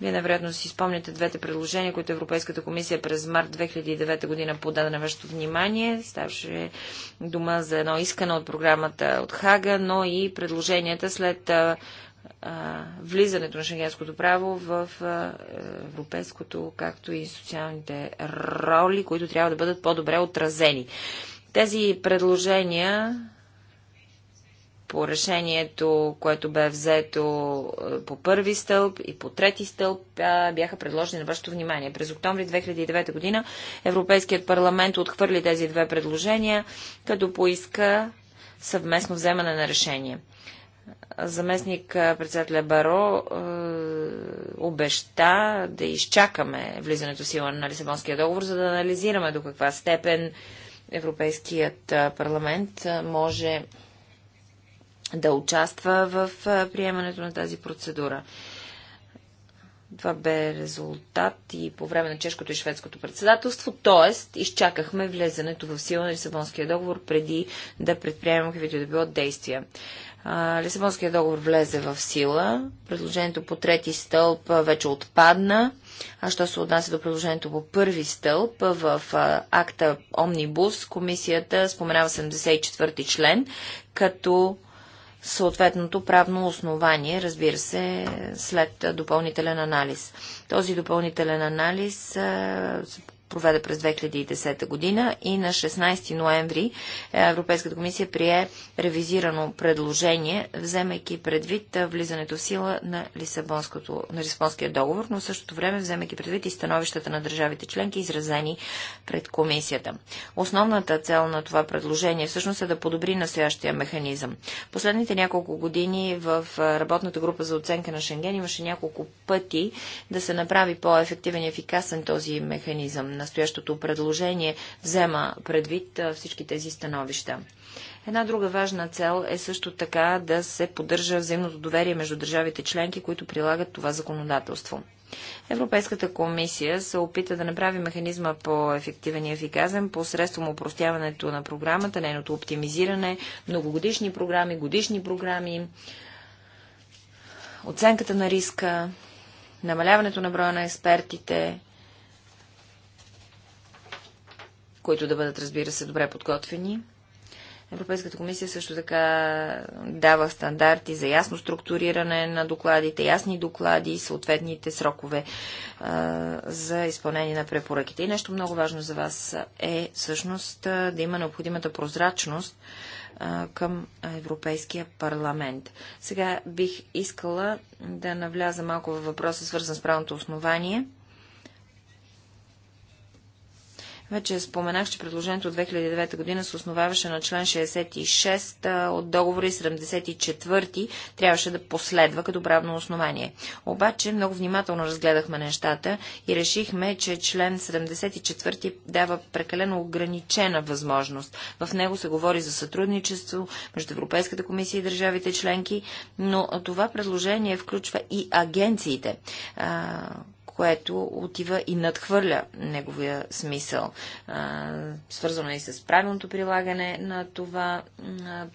Вие навредно си спомняте двете предложения, които Европейската комисия през март 2009 година подаде на вашето внимание. Ставаше дума за едно искане от програмата от Хага, но и предложенията след а, а, влизането на шенгенското право в а, европейското, както и социалните роли, които трябва да бъдат по-добре отразени. Тези предложения по решението, което бе взето е, по първи стълб и по трети стълб, бяха предложени на вашето внимание. През октомври 2009 година Европейският парламент отхвърли тези две предложения, като поиска съвместно вземане на решение. Заместник председателя Баро е, обеща да изчакаме влизането сила на Лисабонския договор, за да анализираме до каква степен Европейският парламент може да участва в приемането на тази процедура. Това бе резултат и по време на чешкото и шведското председателство, т.е. изчакахме влезането в сила на Лисабонския договор преди да предприемем каквито да било действия. Лисабонския договор влезе в сила, предложението по трети стълб вече отпадна, а що се отнася до предложението по първи стълб в акта Омнибус, комисията споменава 74 ти член, като съответното правно основание, разбира се, след допълнителен анализ. Този допълнителен анализ проведе през 2010 година и на 16 ноември е, Европейската комисия прие ревизирано предложение, вземайки предвид е, влизането в сила на, Лисабонското, на Лисабонския договор, но в същото време вземайки предвид и становищата на държавите членки, изразени пред комисията. Основната цел на това предложение всъщност е да подобри настоящия механизъм. Последните няколко години в е, работната група за оценка на Шенген имаше няколко пъти да се направи по-ефективен и ефикасен този механизъм настоящото предложение взема предвид всички тези становища. Една друга важна цел е също така да се поддържа взаимното доверие между държавите членки, които прилагат това законодателство. Европейската комисия се опита да направи механизма по-ефективен и ефиказен посредством упростяването на програмата, нейното оптимизиране, многогодишни програми, годишни програми, оценката на риска, намаляването на броя на експертите, които да бъдат, разбира се, добре подготвени. Европейската комисия също така дава стандарти за ясно структуриране на докладите, ясни доклади и съответните срокове а, за изпълнение на препоръките. И нещо много важно за вас е всъщност да има необходимата прозрачност а, към Европейския парламент. Сега бих искала да навляза малко във въпроса, свързан с правното основание. Вече споменах, че предложението от 2009 година се основаваше на член 66 от договора и 74 трябваше да последва като правно основание. Обаче много внимателно разгледахме нещата и решихме, че член 74 дава прекалено ограничена възможност. В него се говори за сътрудничество между Европейската комисия и държавите членки, но това предложение включва и агенциите което отива и надхвърля неговия смисъл. Свързано е и с правилното прилагане на това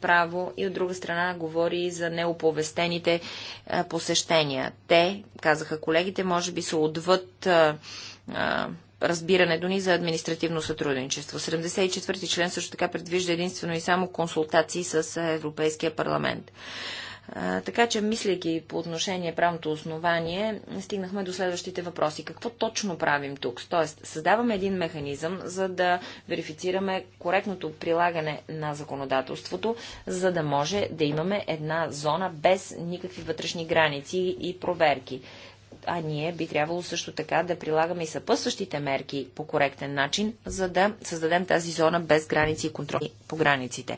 право и от друга страна говори и за неоповестените посещения. Те, казаха колегите, може би са отвъд разбирането ни за административно сътрудничество. 74 ти член също така предвижда единствено и само консултации с Европейския парламент така че, мислейки по отношение правното основание, стигнахме до следващите въпроси. Какво точно правим тук? Тоест, създаваме един механизъм, за да верифицираме коректното прилагане на законодателството, за да може да имаме една зона без никакви вътрешни граници и проверки а ние би трябвало също така да прилагаме и съпъсващите мерки по коректен начин, за да създадем тази зона без граници и контрол по границите.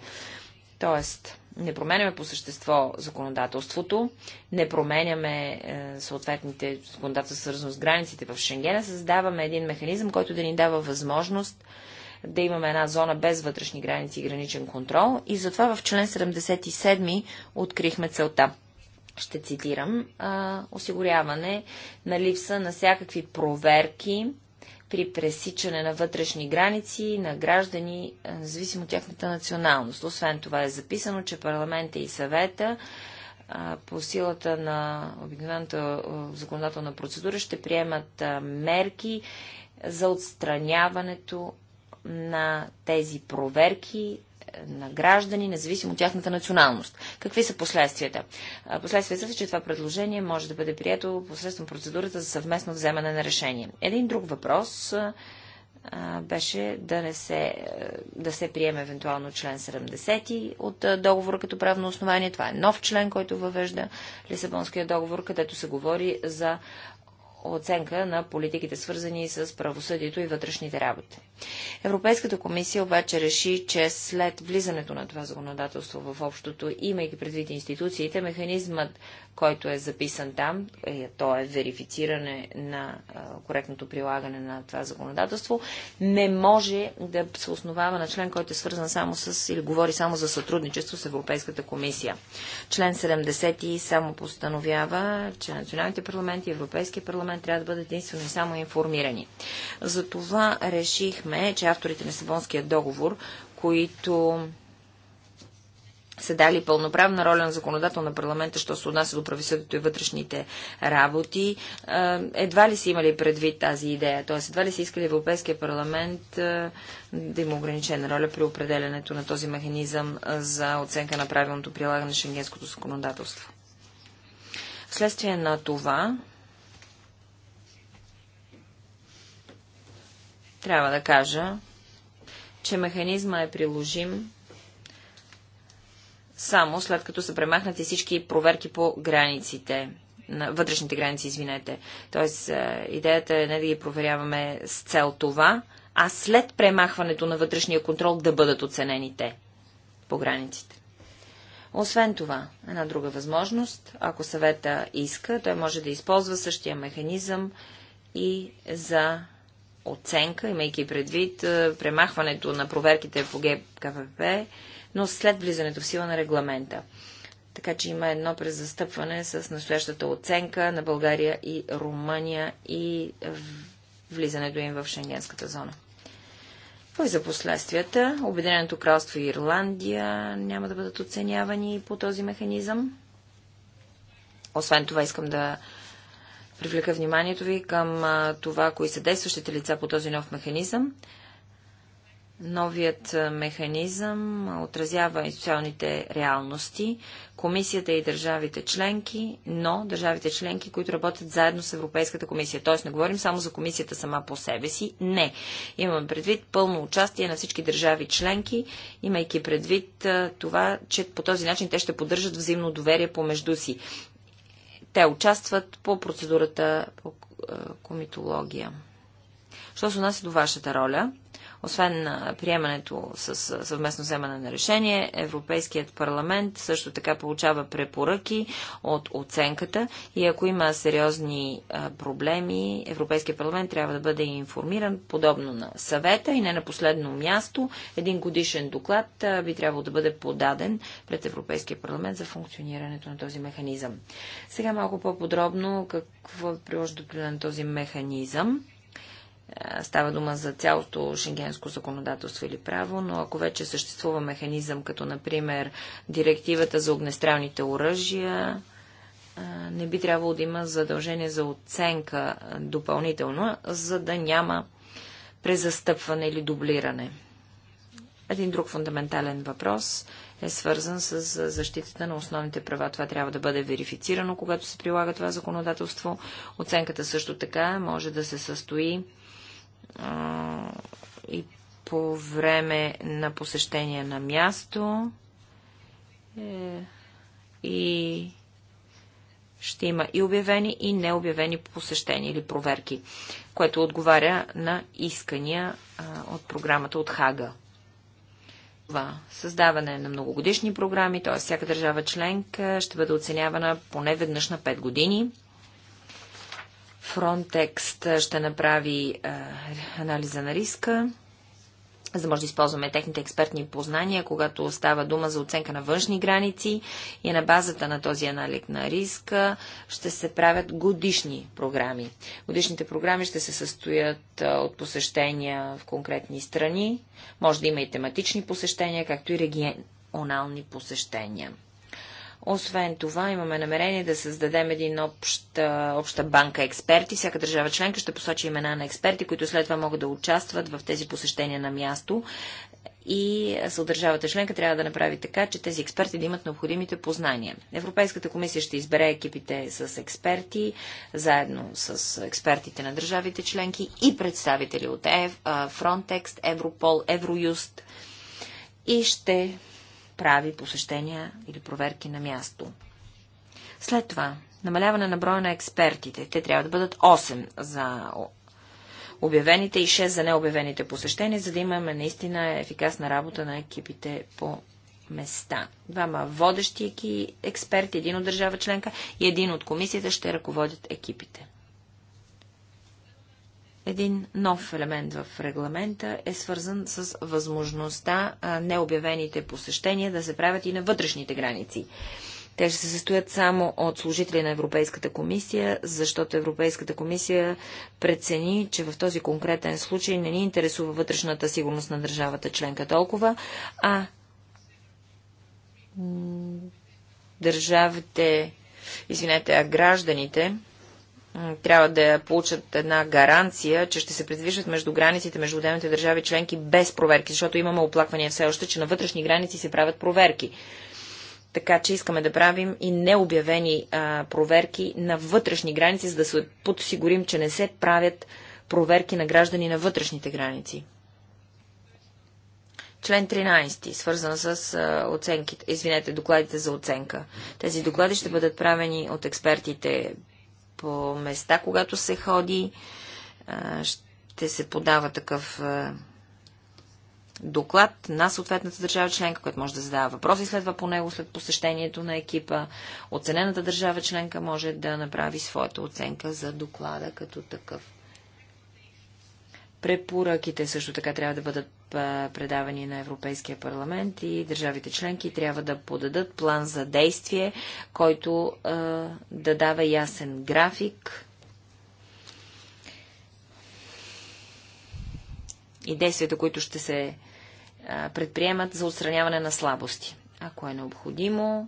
Тоест, не променяме по същество законодателството, не променяме е, съответните законодателства, свързано с границите в Шенгена, създаваме един механизъм, който да ни дава възможност да имаме една зона без вътрешни граници и граничен контрол. И затова в член 77 открихме целта. Ще цитирам. осигуряване на липса на всякакви проверки при пресичане на вътрешни граници на граждани, е, независимо от тяхната националност. Освен това е записано, че парламента и съвета е, по силата на обикновената е, законодателна процедура ще приемат мерки за отстраняването на тези проверки на граждани, независимо от тяхната националност. Какви са последствията? Последствията са, че това предложение може да бъде прието посредством процедурата за съвместно вземане на решение. Един друг въпрос беше да, не се, да се приеме евентуално член 70 от договора като правно основание. Това е нов член, който въвежда Лисабонския договор, където се говори за оценка на политиките, свързани с правосъдието и вътрешните работи. Европейската комисия обаче реши, че след влизането на това законодателство в общото, имайки предвид институциите, механизмът който е записан там, е, то е верифициране на коректното прилагане на това законодателство, не може да се основава на член, който е свързан само с или говори само за сътрудничество с Европейската комисия. Член 70 само постановява, че националните парламенти и Европейския парламент трябва да бъдат единствено и само информирани. Затова решихме, че авторите на Сабонския договор, които са дали пълноправна роля на законодател на парламента, що се отнася до правосъдието и вътрешните работи. Едва ли са имали предвид тази идея? Т.е. едва ли са искали Европейския парламент да има ограничена роля при определенето на този механизъм за оценка на правилното прилагане на шенгенското законодателство? Вследствие на това, трябва да кажа, че механизма е приложим само след като са премахнати всички проверки по границите на вътрешните граници, извинете. Тоест, е, идеята е не да ги проверяваме с цел това, а след премахването на вътрешния контрол да бъдат оценени те по границите. Освен това, една друга възможност, ако съвета иска, той може да използва същия механизъм и за оценка, имайки предвид е, премахването на проверките по ГКВП но след влизането в сила на регламента. Така че има едно презастъпване с настоящата оценка на България и Румъния и влизането им в Шенгенската зона. Кой за последствията? Обединеното кралство и Ирландия няма да бъдат оценявани по този механизъм. Освен това искам да привлека вниманието ви към това, кои са действащите лица по този нов механизъм. Новият механизъм отразява и социалните реалности, комисията и държавите членки, но държавите членки, които работят заедно с Европейската комисия. Тоест не говорим само за комисията сама по себе си. Не. Имаме предвид пълно участие на всички държави членки, имайки предвид това, че по този начин те ще поддържат взаимно доверие помежду си. Те участват по процедурата по комитология. Що се отнася до вашата роля? Освен на приемането с съвместно вземане на решение, Европейският парламент също така получава препоръки от оценката и ако има сериозни проблеми, Европейският парламент трябва да бъде информиран, подобно на съвета и не на последно място. Един годишен доклад би трябвало да бъде подаден пред Европейския парламент за функционирането на този механизъм. Сега малко по-подробно какво е приложено на този механизъм. Е, става дума за цялото шенгенско законодателство или право, но ако вече съществува механизъм, като например директивата за огнестрелните оръжия, е, не би трябвало да има задължение за оценка е, допълнително, за да няма презастъпване или дублиране. Един друг фундаментален въпрос е свързан с защитата на основните права. Това трябва да бъде верифицирано, когато се прилага това законодателство. Оценката също така може да се състои и по време на посещение на място е, и ще има и обявени, и необявени посещения или проверки, което отговаря на искания от програмата от Хага. Това създаване на многогодишни програми, т.е. всяка държава членка ще бъде оценявана поне веднъж на 5 години – Фронтекст ще направи анализа на риска, за да може да използваме техните експертни познания, когато става дума за оценка на външни граници и на базата на този анализ на риска ще се правят годишни програми. Годишните програми ще се състоят от посещения в конкретни страни, може да има и тематични посещения, както и регионални посещения. Освен това, имаме намерение да създадем един обща, обща банка експерти. Всяка държава членка ще посочи имена на експерти, които след това могат да участват в тези посещения на място. И съдържавата членка трябва да направи така, че тези експерти да имат необходимите познания. Европейската комисия ще избере екипите с експерти, заедно с експертите на държавите членки и представители от Frontex, Европол, Евроюст и ще прави посещения или проверки на място. След това, намаляване на броя на експертите. Те трябва да бъдат 8 за обявените и 6 за необявените посещения, за да имаме наистина ефикасна работа на екипите по места. Двама водещи експерти, един от държава членка и един от комисията ще ръководят екипите. Един нов елемент в регламента е свързан с възможността необявените посещения да се правят и на вътрешните граници. Те ще се състоят само от служители на Европейската комисия, защото Европейската комисия прецени, че в този конкретен случай не ни интересува вътрешната сигурност на държавата членка толкова, а държавите, извинете, а гражданите трябва да получат една гаранция, че ще се придвижват между границите, между отделните държави членки без проверки, защото имаме оплаквания все още, че на вътрешни граници се правят проверки. Така че искаме да правим и необявени а, проверки на вътрешни граници, за да се подсигурим, че не се правят проверки на граждани на вътрешните граници. Член 13, свързан с а, оценките, извинете, докладите за оценка. Тези доклади ще бъдат правени от експертите по места, когато се ходи. Ще се подава такъв доклад на съответната държава членка, която може да задава въпроси следва по него след посещението на екипа. Оценената държава членка може да направи своята оценка за доклада като такъв. Препоръките също така трябва да бъдат предавани на Европейския парламент и държавите членки трябва да подадат план за действие, който е, да дава ясен график и действията, които ще се предприемат за отстраняване на слабости. Ако е необходимо,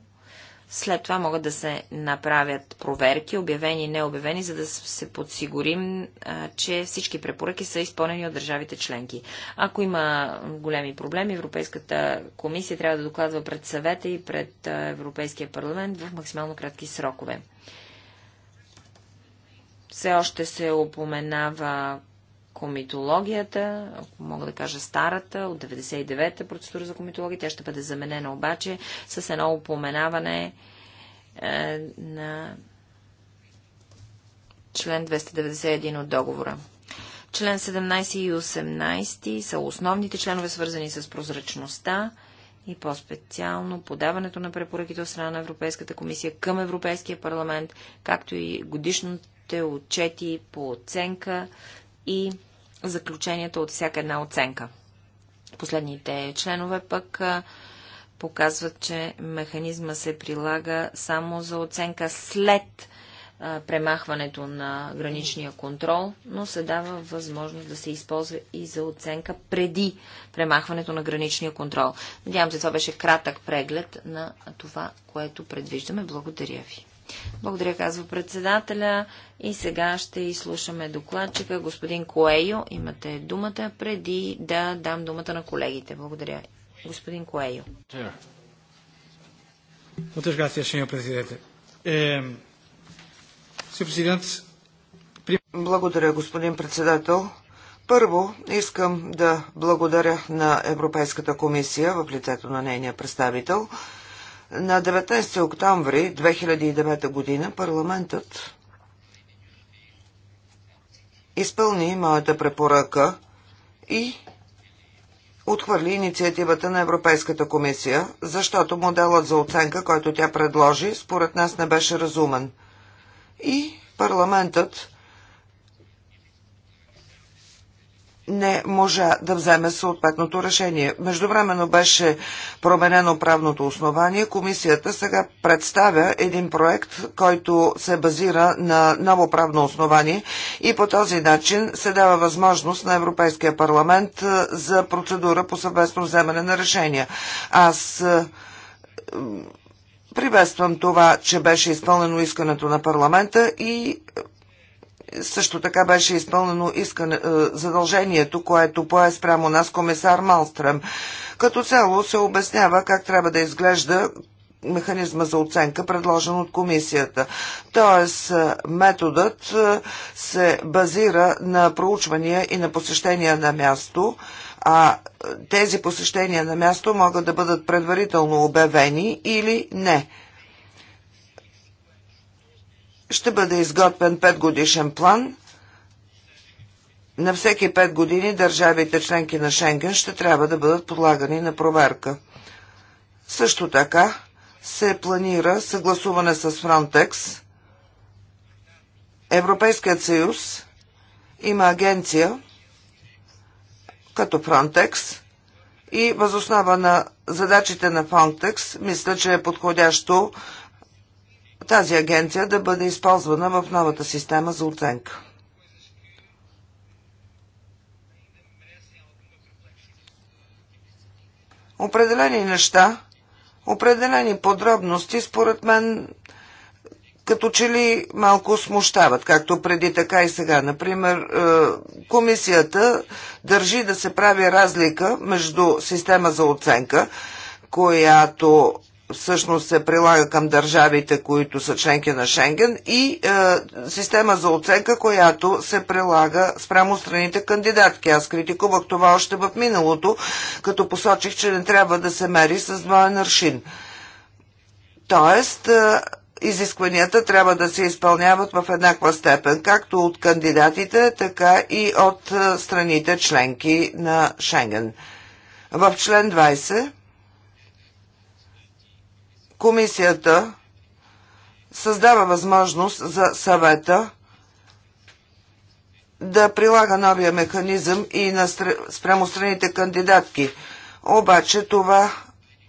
след това могат да се направят проверки, обявени и необявени, за да се подсигурим, че всички препоръки са изпълнени от държавите членки. Ако има големи проблеми, Европейската комисия трябва да докладва пред съвета и пред Европейския парламент в максимално кратки срокове. Все още се опоменава комитологията, ако мога да кажа старата, от 99-та процедура за комитология, тя ще бъде заменена обаче с едно упоменаване е, на член 291 от договора. Член 17 и 18 са основните членове, свързани с прозрачността и по-специално подаването на препоръките от страна на Европейската комисия към Европейския парламент, както и годишните отчети по оценка и заключенията от всяка една оценка. Последните членове пък показват, че механизма се прилага само за оценка след премахването на граничния контрол, но се дава възможност да се използва и за оценка преди премахването на граничния контрол. Надявам се, това беше кратък преглед на това, което предвиждаме. Благодаря ви. Благодаря, казва председателя. И сега ще изслушаме докладчика. Господин Коейо, имате думата преди да дам думата на колегите. Благодаря. Господин Коейо. Muchas gracias, señor presidente. Eh, благодаря, господин председател. Първо, искам да благодаря на Европейската комисия в лицето на нейния представител на 19 октомври 2009 година парламентът изпълни моята препоръка и отхвърли инициативата на Европейската комисия, защото моделът за оценка, който тя предложи, според нас не беше разумен. И парламентът не можа да вземе съответното решение. Междувременно беше променено правното основание. Комисията сега представя един проект, който се базира на ново правно основание и по този начин се дава възможност на Европейския парламент е, за процедура по съвместно вземане на решения. Аз е, приветствам това, че беше изпълнено искането на парламента и е, също така беше изпълнено искане, е, задължението, което пое спрямо нас комисар Малстрем. Като цяло се обяснява как трябва да изглежда механизма за оценка, предложен от комисията. Тоест, е, методът е, се базира на проучвания и на посещения на място, а тези посещения на място могат да бъдат предварително обявени или не ще бъде изготвен 5 годишен план. На всеки 5 години държавите членки на Шенген ще трябва да бъдат подлагани на проверка. Също така се планира съгласуване с Frontex. Европейският съюз има агенция като Frontex и възоснова на задачите на Frontex мисля, че е подходящо тази агенция да бъде използвана в новата система за оценка. Определени неща, определени подробности, според мен, като че ли малко смущават, както преди, така и сега. Например, е, комисията държи да се прави разлика между система за оценка, която всъщност се прилага към държавите, които са членки на Шенген и е, система за оценка, която се прилага спрямо страните кандидатки. Аз критикувах това още в миналото, като посочих, че не трябва да се мери с двоен аршин. Тоест, е, изискванията трябва да се изпълняват в еднаква степен, както от кандидатите, така и от е, страните членки на Шенген. В член 20 Комисията създава възможност за съвета да прилага новия механизъм и на стр... спрямо страните кандидатки. Обаче това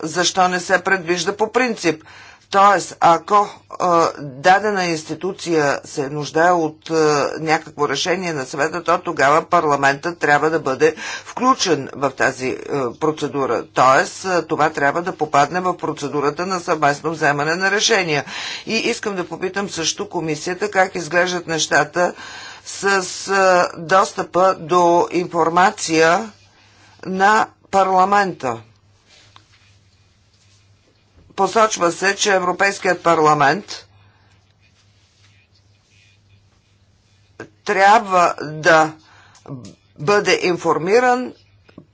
защо не се предвижда по принцип – Тоест, ако а, дадена институция се нуждае от а, някакво решение на съвета, то тогава парламентът трябва да бъде включен в тази а, процедура. Тоест, а, това трябва да попадне в процедурата на съвместно вземане на решения. И искам да попитам също комисията как изглеждат нещата с а, достъпа до информация на парламента посочва се, че Европейският парламент трябва да бъде информиран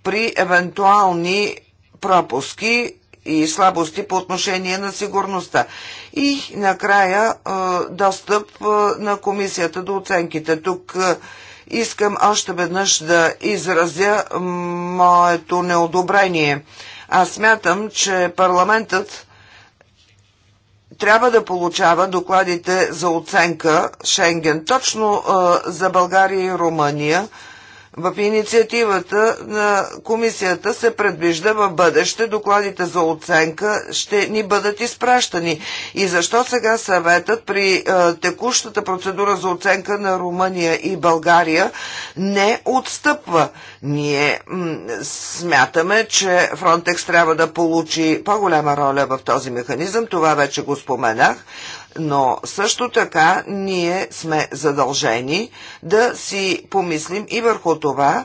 при евентуални пропуски и слабости по отношение на сигурността. И накрая достъп на комисията до оценките. Тук искам още веднъж да изразя моето неодобрение. Аз смятам, че парламентът трябва да получава докладите за оценка Шенген точно за България и Румъния, в инициативата на комисията се предвижда в бъдеще докладите за оценка ще ни бъдат изпращани. И защо сега съветът при е, текущата процедура за оценка на Румъния и България не отстъпва? Ние смятаме, че Фронтекс трябва да получи по-голяма роля в този механизъм, това вече го споменах но също така ние сме задължени да си помислим и върху това,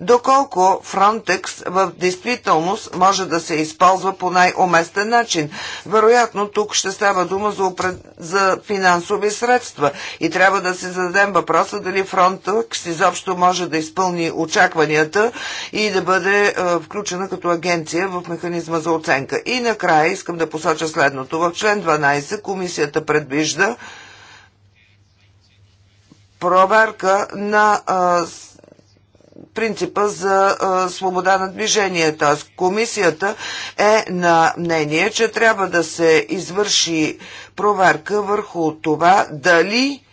доколко Фронтекс в действителност може да се използва по най-уместен начин. Вероятно тук ще става дума за, опред... за финансови средства и трябва да се зададем въпроса дали Фронтекс изобщо може да изпълни очакванията и да бъде е, включена като агенция в механизма за оценка. И накрая искам да посоча следното. В член 12 комисията предвижда проверка на а, е, принципа за а, свобода на движение. Т.е. комисията е на мнение, че трябва да се извърши проверка върху това дали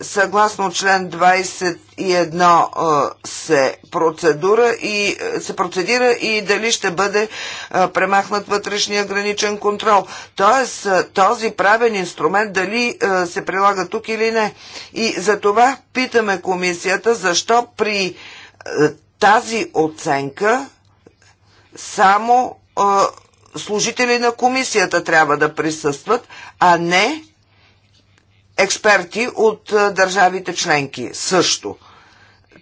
съгласно член 21 се процедура и се процедира и дали ще бъде премахнат вътрешния граничен контрол. Тоест този правен инструмент дали се прилага тук или не. И за това питаме комисията защо при е, тази оценка само е, служители на комисията трябва да присъстват, а не експерти от е, държавите членки също.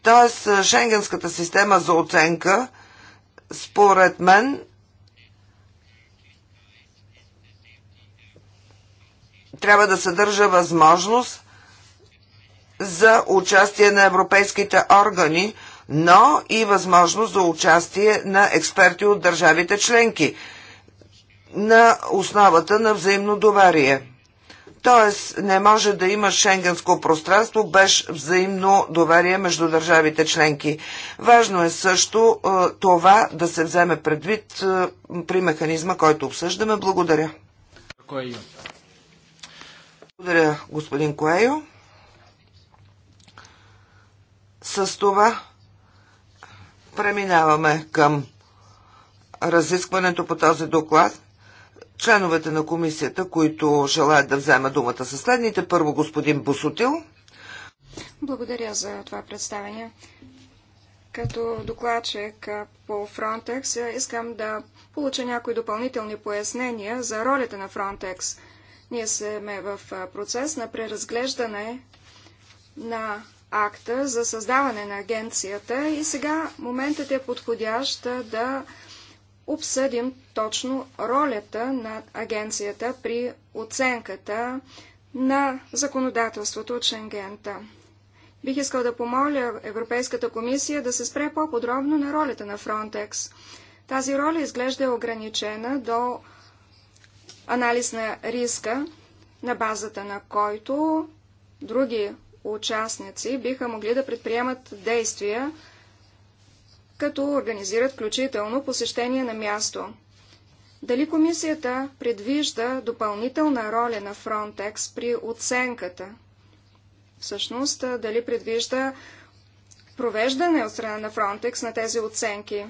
Тоест, Шенгенската система за оценка, според мен, трябва да съдържа възможност за участие на европейските органи но и възможност за участие на експерти от държавите членки на основата на взаимно доверие. Тоест, не може да има шенгенско пространство без взаимно доверие между държавите членки. Важно е също е, това да се вземе предвид е, при механизма, който обсъждаме. Благодаря. Коейо. Благодаря, господин Коейо. С това Преминаваме към разискването по този доклад. Членовете на комисията, които желаят да вземат думата са следните. Първо господин Босотил. Благодаря за това представение. Като докладчик по Frontex искам да получа някои допълнителни пояснения за ролята на Frontex. Ние сме в процес на преразглеждане на акта за създаване на агенцията и сега моментът е подходящ да обсъдим точно ролята на агенцията при оценката на законодателството от Шенгента. Бих искал да помоля Европейската комисия да се спре по-подробно на ролята на Фронтекс. Тази роля изглежда е ограничена до анализ на риска, на базата на който други участници биха могли да предприемат действия, като организират включително посещение на място. Дали комисията предвижда допълнителна роля на Frontex при оценката? Всъщност, дали предвижда провеждане от страна на Frontex на тези оценки?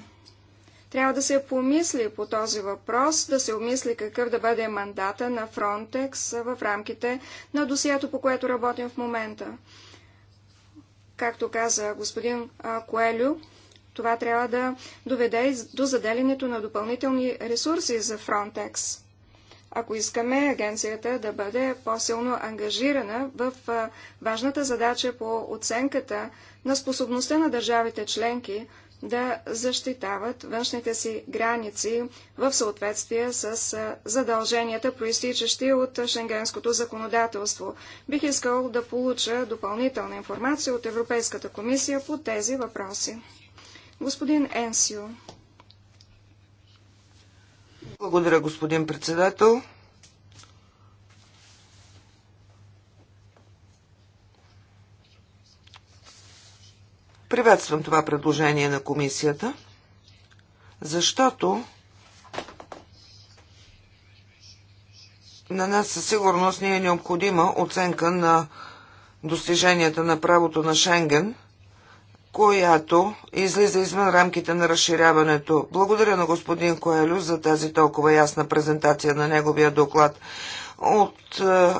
Трябва да се помисли по този въпрос, да се обмисли какъв да бъде мандата на Frontex в рамките на досието, по което работим в момента. Както каза господин Коелю, това трябва да доведе до заделянето на допълнителни ресурси за Frontex. Ако искаме агенцията да бъде по-силно ангажирана в важната задача по оценката на способността на държавите членки да защитават външните си граници в съответствие с задълженията, проистичащи от шенгенското законодателство. Бих искал да получа допълнителна информация от Европейската комисия по тези въпроси. Господин Енсио. Благодаря, господин председател. Приветствам това предложение на комисията, защото на нас със сигурност ни е необходима оценка на достиженията на правото на Шенген, която излиза извън рамките на разширяването. Благодаря на господин Коелю за тази толкова ясна презентация на неговия доклад. От е,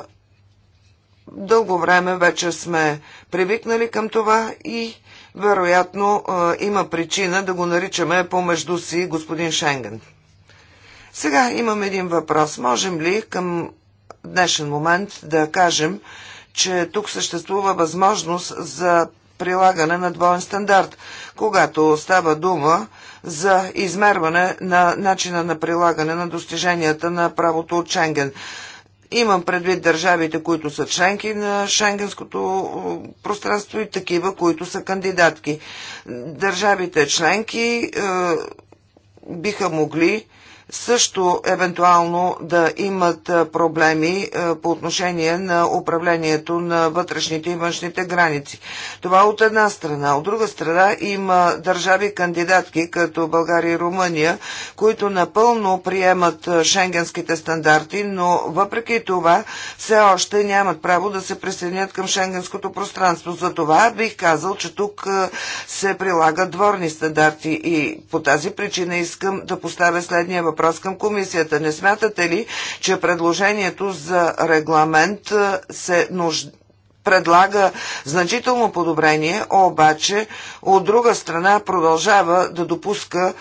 дълго време вече сме привикнали към това и вероятно има причина да го наричаме помежду си господин Шенген. Сега имам един въпрос. Можем ли към днешен момент да кажем, че тук съществува възможност за прилагане на двоен стандарт, когато става дума за измерване на начина на прилагане на достиженията на правото от Шенген. Имам предвид държавите, които са членки на шенгенското пространство и такива, които са кандидатки. Държавите членки е, биха могли също евентуално да имат проблеми по отношение на управлението на вътрешните и външните граници. Това от една страна. От друга страна има държави кандидатки, като България и Румъния, които напълно приемат шенгенските стандарти, но въпреки това все още нямат право да се присъединят към шенгенското пространство. За това бих казал, че тук се прилагат дворни стандарти и по тази причина искам да поставя следния въпрос въпрос към комисията. Не смятате ли, че предложението за регламент се нужда предлага значително подобрение, обаче от друга страна продължава да допуска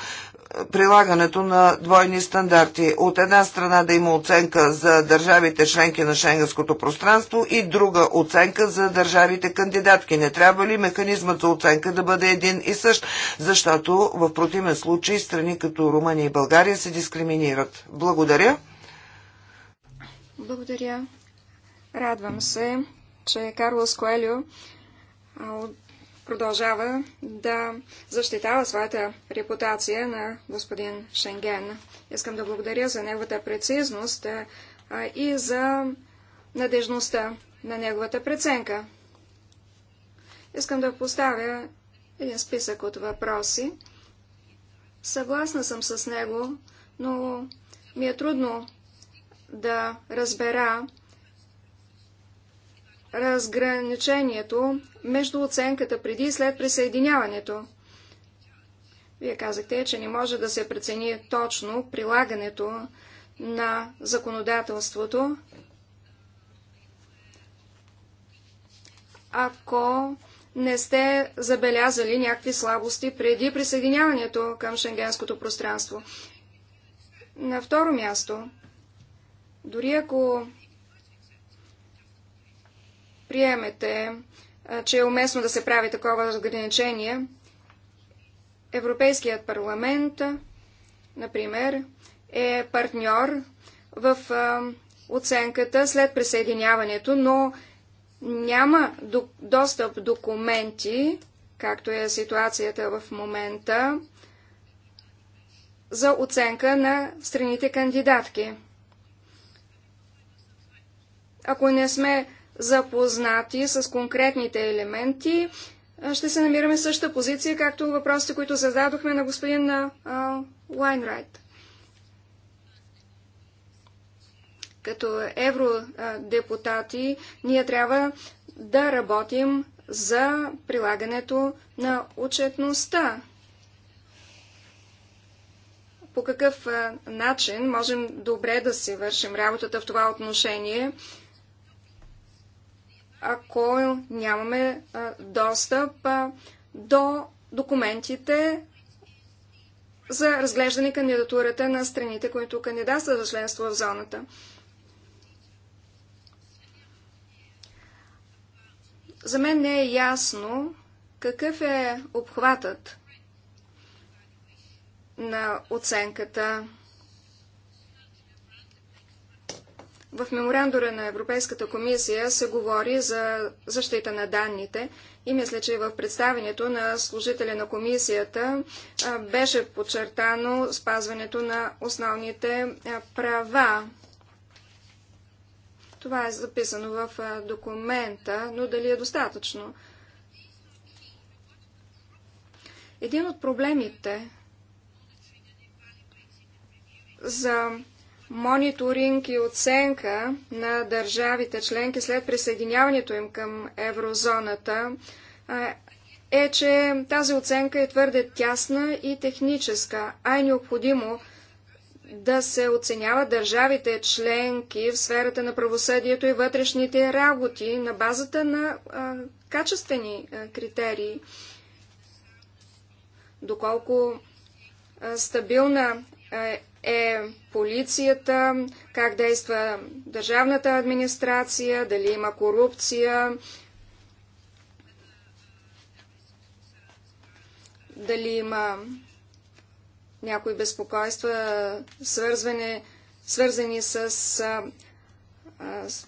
прилагането на двойни стандарти. От една страна да има оценка за държавите членки на шенгенското пространство и друга оценка за държавите кандидатки. Не трябва ли механизмът за оценка да бъде един и същ, защото в противен случай страни като Румъния и България се дискриминират. Благодаря. Благодаря. Радвам се, че Карлос от продължава да защитава своята репутация на господин Шенген. Искам да благодаря за неговата прецизност и за надежността на неговата преценка. Искам да поставя един списък от въпроси. Съгласна съм с него, но ми е трудно да разбера разграничението между оценката преди и след присъединяването. Вие казахте, че не може да се прецени точно прилагането на законодателството, ако не сте забелязали някакви слабости преди присъединяването към шенгенското пространство. На второ място, дори ако приемете, че е уместно да се прави такова разграничение, Европейският парламент, например, е партньор в оценката след присъединяването, но няма достъп документи, както е ситуацията в момента, за оценка на страните кандидатки. Ако не сме запознати с конкретните елементи, ще се намираме в същата позиция, както въпросите, които зададохме на господин а, Лайнрайт. Като евродепутати, ние трябва да работим за прилагането на отчетността. По какъв начин можем добре да си вършим работата в това отношение – ако нямаме достъп до документите за разглеждане кандидатурата на страните, които кандидатстват за членство в зоната. За мен не е ясно какъв е обхватът на оценката В меморандура на Европейската комисия се говори за защита на данните и мисля, че в представенето на служителя на комисията беше подчертано спазването на основните права. Това е записано в документа, но дали е достатъчно? Един от проблемите за мониторинг и оценка на държавите членки след присъединяването им към еврозоната е, че тази оценка е твърде тясна и техническа, а е необходимо да се оценяват държавите членки в сферата на правосъдието и вътрешните работи на базата на а, качествени а, критерии. Доколко а, стабилна е полицията, как действа държавната администрация, дали има корупция, дали има някои безпокойства, свързване, свързани с а, а, с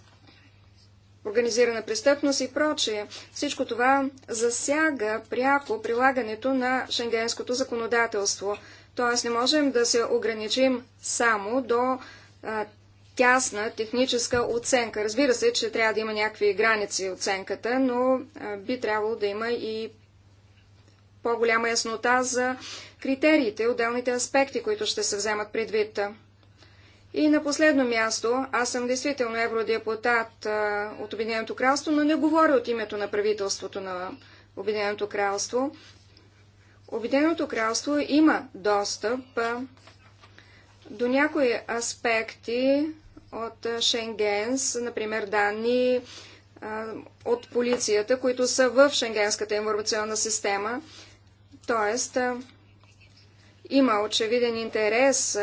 организирана престъпност и прочее. Всичко това засяга пряко прилагането на шенгенското законодателство. Тоест не можем да се ограничим само до а, тясна техническа оценка. Разбира се, че трябва да има някакви граници оценката, но а, би трябвало да има и по-голяма яснота за критериите, отделните аспекти, които ще се вземат предвид. И на последно място, аз съм действително евродепутат а, от Обединеното кралство, но не говоря от името на правителството на Обединеното кралство. Обеденото кралство има достъп до някои аспекти от Шенгенс, например данни от полицията, които са в Шенгенската информационна система. Тоест, има очевиден интерес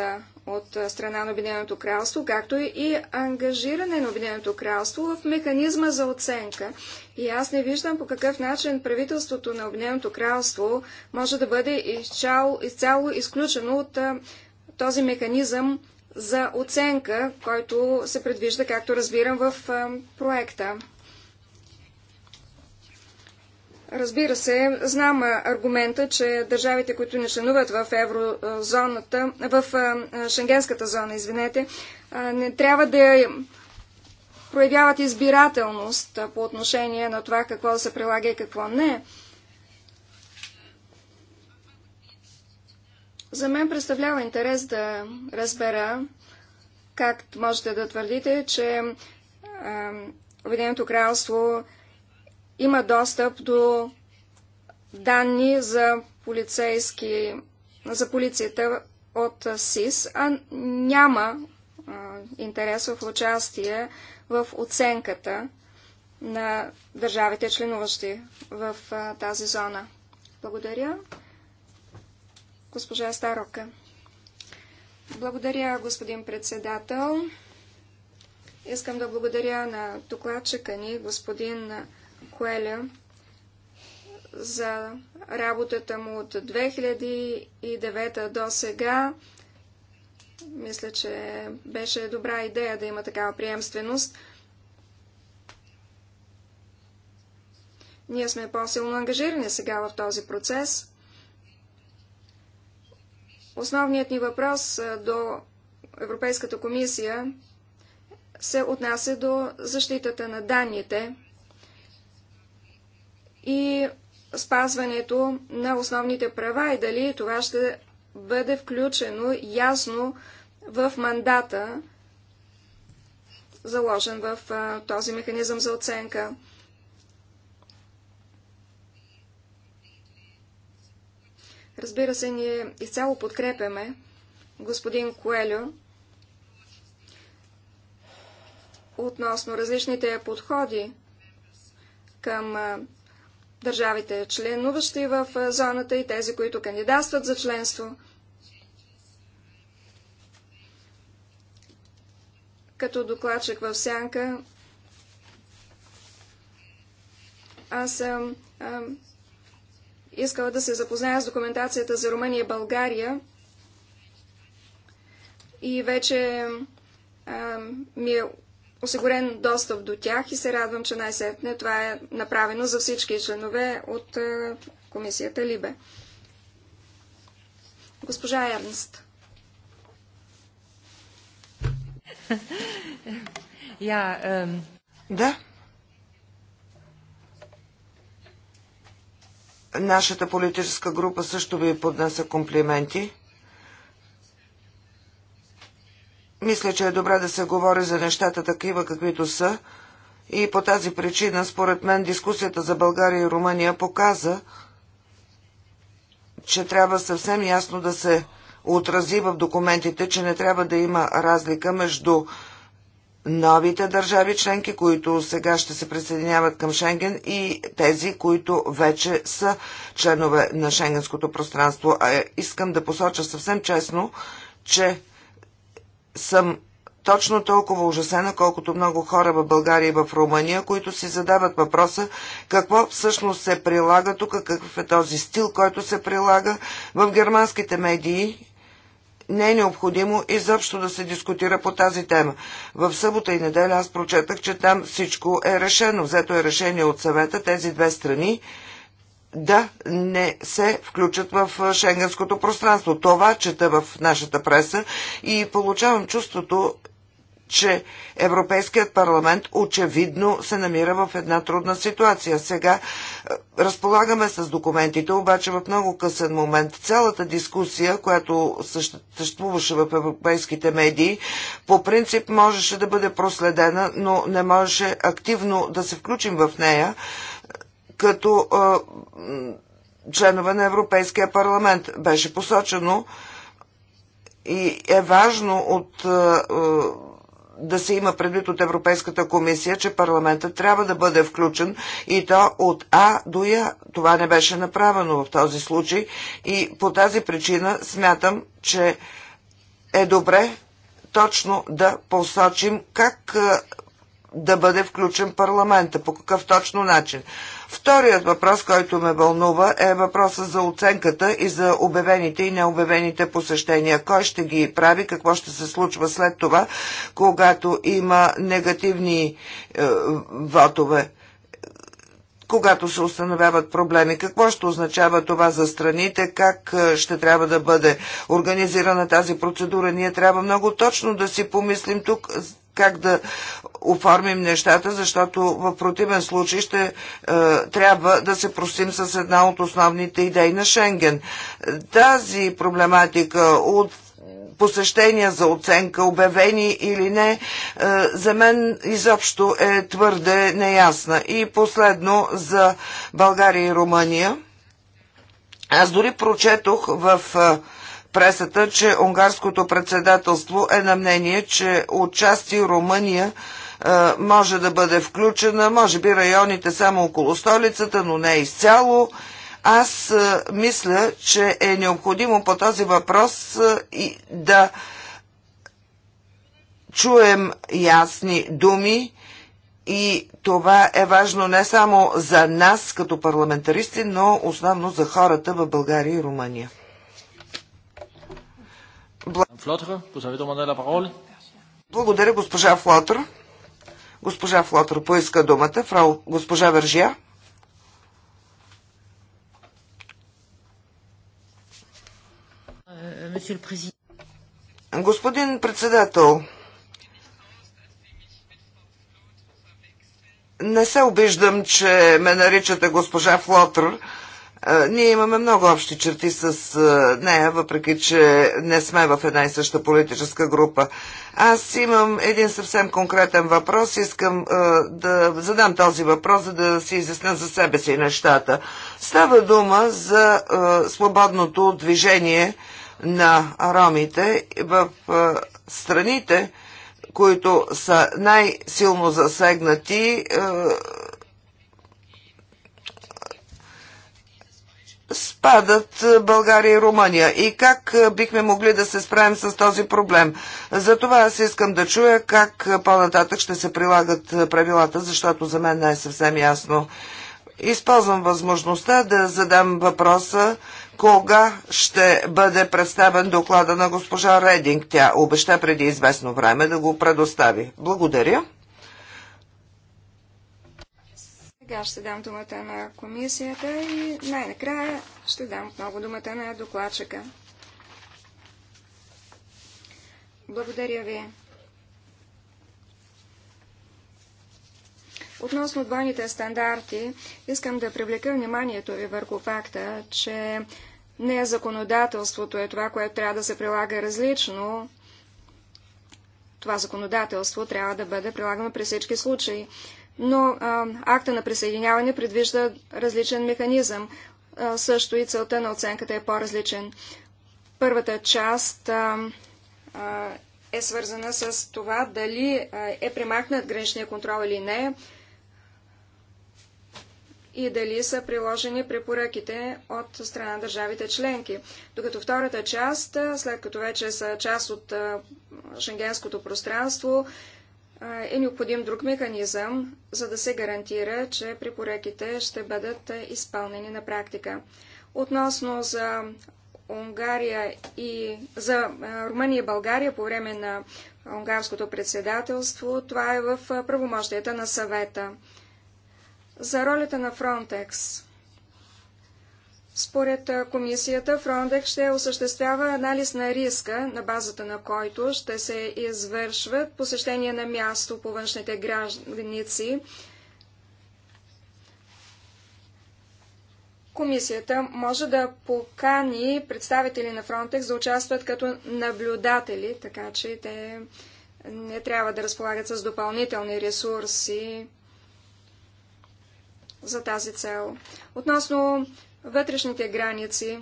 от страна на Обединеното кралство, както и ангажиране на Обединеното кралство в механизма за оценка. И аз не виждам по какъв начин правителството на Обединеното кралство може да бъде изчало, изцяло изключено от а, този механизъм за оценка, който се предвижда, както разбирам, в а, проекта. Разбира се, знам аргумента, че държавите, които не членуват в еврозоната, в шенгенската зона, извинете, не трябва да проявяват избирателност по отношение на това какво да се прилага и какво не. За мен представлява интерес да разбера как можете да твърдите, че Обединеното кралство има достъп до данни за, полицейски, за полицията от СИС, а няма а, интерес в участие в оценката на държавите, членуващи в а, тази зона. Благодаря. Госпожа Старока. Благодаря, господин председател. Искам да благодаря на докладчика ни, господин Коеля за работата му от 2009 до сега. Мисля, че беше добра идея да има такава приемственост. Ние сме по-силно ангажирани сега в този процес. Основният ни въпрос до Европейската комисия се отнася до защитата на данните и спазването на основните права и дали това ще бъде включено ясно в мандата, заложен в а, този механизъм за оценка. Разбира се, ние изцяло подкрепяме господин Коелю относно различните подходи към държавите членуващи в зоната и тези, които кандидатстват за членство. Като докладчик в сянка, аз съм искала да се запозная с документацията за Румъния и България и вече а, ми е осигурен достъп до тях и се радвам, че най-сетне това е направено за всички членове от е, комисията Либе. Госпожа Ернст. Я, Да. Нашата политическа група също ви поднася комплименти. Мисля, че е добре да се говори за нещата такива, каквито са. И по тази причина, според мен, дискусията за България и Румъния показа, че трябва съвсем ясно да се отрази в документите, че не трябва да има разлика между новите държави членки, които сега ще се присъединяват към Шенген и тези, които вече са членове на Шенгенското пространство. А е, искам да посоча съвсем честно, че съм точно толкова ужасена, колкото много хора в България и в Румъния, които си задават въпроса какво всъщност се прилага тук, какъв е този стил, който се прилага в германските медии. Не е необходимо изобщо да се дискутира по тази тема. В събота и неделя аз прочетах, че там всичко е решено. Взето е решение от съвета тези две страни да не се включат в шенгенското пространство. Това чета в нашата преса и получавам чувството, че Европейският парламент очевидно се намира в една трудна ситуация. Сега разполагаме с документите, обаче в много късен момент цялата дискусия, която съществуваше в европейските медии, по принцип можеше да бъде проследена, но не можеше активно да се включим в нея, като членове на Европейския парламент. Беше посочено и е важно от, да се има предвид от Европейската комисия, че парламентът трябва да бъде включен и то от А до Я. Това не беше направено в този случай и по тази причина смятам, че е добре точно да посочим как да бъде включен парламента, по какъв точно начин. Вторият въпрос, който ме вълнува, е въпроса за оценката и за обявените и необявените посещения. Кой ще ги прави, какво ще се случва след това, когато има негативни е, ватове, когато се установяват проблеми. Какво ще означава това за страните? Как е, ще трябва да бъде организирана тази процедура? Ние трябва много точно да си помислим тук как да оформим нещата, защото в противен случай ще е, трябва да се простим с една от основните идеи на Шенген. Тази проблематика от посещения за оценка, обявени или не, е, за мен изобщо е твърде неясна. И последно за България и Румъния. Аз дори прочетох в е, пресата, че унгарското председателство е на мнение, че отчасти Румъния е, може да бъде включена, може би районите само около столицата, но не изцяло. Аз е, мисля, че е необходимо по този въпрос е, да чуем ясни думи и това е важно не само за нас като парламентаристи, но основно за хората в България и Румъния на пароли. Благодаря, госпожа Флотър. Госпожа Флотър поиска думата. Фрау госпожа Вържия. Господин председател, не се обиждам, че ме наричате госпожа Флотър. Ние имаме много общи черти с нея, въпреки че не сме в една и съща политическа група. Аз имам един съвсем конкретен въпрос. Искам е, да задам този въпрос, за да си изясня за себе си нещата. Става дума за е, свободното движение на ромите в е, страните, които са най-силно засегнати. Е, падат е, България и Румъния и как е, бихме могли да се справим с този проблем. За това аз искам да чуя как е, по-нататък ще се прилагат правилата, защото за мен не е съвсем ясно. Използвам възможността да задам въпроса кога ще бъде представен доклада на госпожа Рединг. Тя обеща преди известно време да го предостави. Благодаря. Сега ще дам думата на комисията и най-накрая ще дам отново думата на докладчика. Благодаря ви. Относно двойните стандарти, искам да привлека вниманието ви върху факта, че не законодателството е това, което трябва да се прилага различно. Това законодателство трябва да бъде прилагано при всички случаи но а, акта на присъединяване предвижда различен механизъм. А, също и целта на оценката е по-различен. Първата част а, а, е свързана с това дали а, е премахнат граничния контрол или не и дали са приложени препоръките от страна на държавите членки. Докато втората част, след като вече са част от а, шенгенското пространство, е необходим друг механизъм, за да се гарантира, че препоръките ще бъдат изпълнени на практика. Относно за Унгария и за Румъния и България по време на унгарското председателство, това е в правомощията на съвета. За ролята на Фронтекс. Според комисията, Фронтек ще осъществява анализ на риска, на базата на който ще се извършват посещения на място по външните граници. Комисията може да покани представители на Фронтекс да участват като наблюдатели, така че те не трябва да разполагат с допълнителни ресурси за тази цел. Относно вътрешните граници.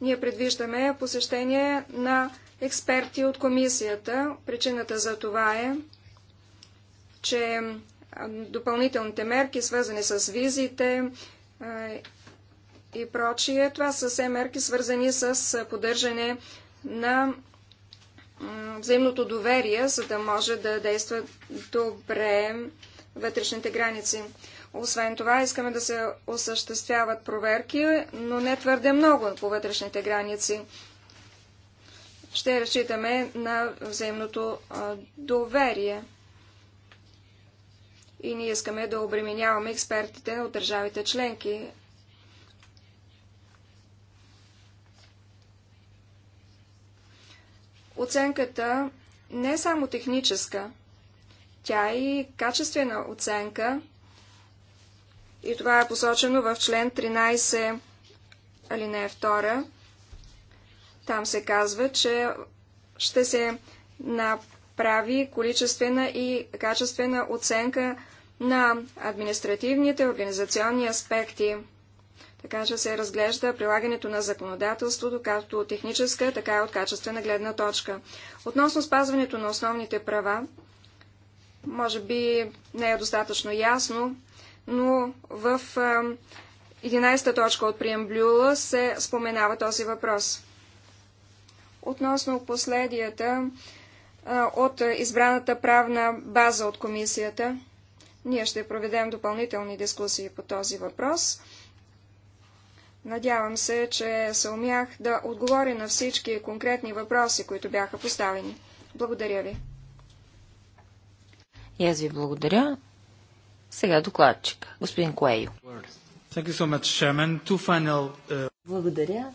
Ние предвиждаме посещение на експерти от комисията. Причината за това е, че допълнителните мерки, свързани с визите и прочие, това са все мерки, свързани с поддържане на взаимното доверие, за да може да действа добре вътрешните граници. Освен това, искаме да се осъществяват проверки, но не твърде много по вътрешните граници. Ще разчитаме на взаимното доверие. И ние искаме да обременяваме експертите от държавите членки. Оценката не е само техническа, тя е и качествена оценка – и това е посочено в член 13, алинея 2. Там се казва, че ще се направи количествена и качествена оценка на административните организационни аспекти. Така че се разглежда прилагането на законодателството както от техническа, така и от качествена гледна точка. Относно спазването на основните права, може би не е достатъчно ясно, но в 11-та точка от преамблюла се споменава този въпрос. Относно последията от избраната правна база от комисията, ние ще проведем допълнителни дискусии по този въпрос. Надявам се, че се умях да отговоря на всички конкретни въпроси, които бяха поставени. Благодаря ви. И аз ви благодаря. Сега докладчик, господин Куейо. Uh, Благодаря.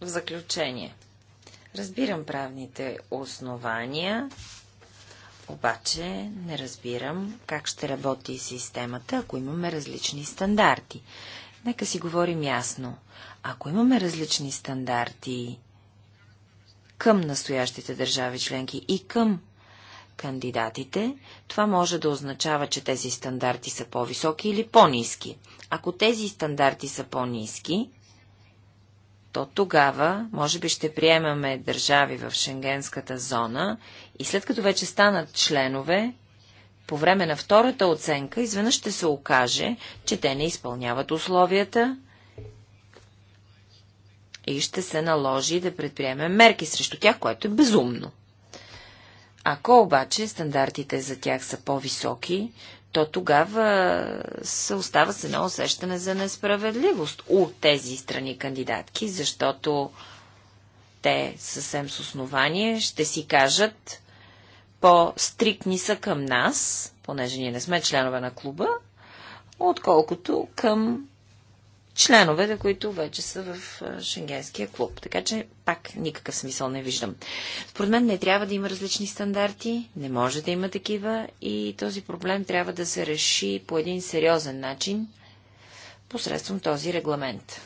В заключение. Разбирам правните основания, обаче не разбирам как ще работи системата, ако имаме различни стандарти. Нека си говорим ясно. Ако имаме различни стандарти към настоящите държави членки и към кандидатите, това може да означава, че тези стандарти са по-високи или по-низки. Ако тези стандарти са по-низки, то тогава, може би, ще приемаме държави в Шенгенската зона и след като вече станат членове, по време на втората оценка изведнъж ще се окаже, че те не изпълняват условията и ще се наложи да предприемем мерки срещу тях, което е безумно. Ако обаче стандартите за тях са по-високи, то тогава се остава с едно усещане за несправедливост у тези страни кандидатки, защото те съвсем с основание ще си кажат по-стрикни са към нас, понеже ние не сме членове на клуба, отколкото към членовете, които вече са в Шенгенския клуб. Така че пак никакъв смисъл не виждам. Според мен не трябва да има различни стандарти, не може да има такива и този проблем трябва да се реши по един сериозен начин посредством този регламент.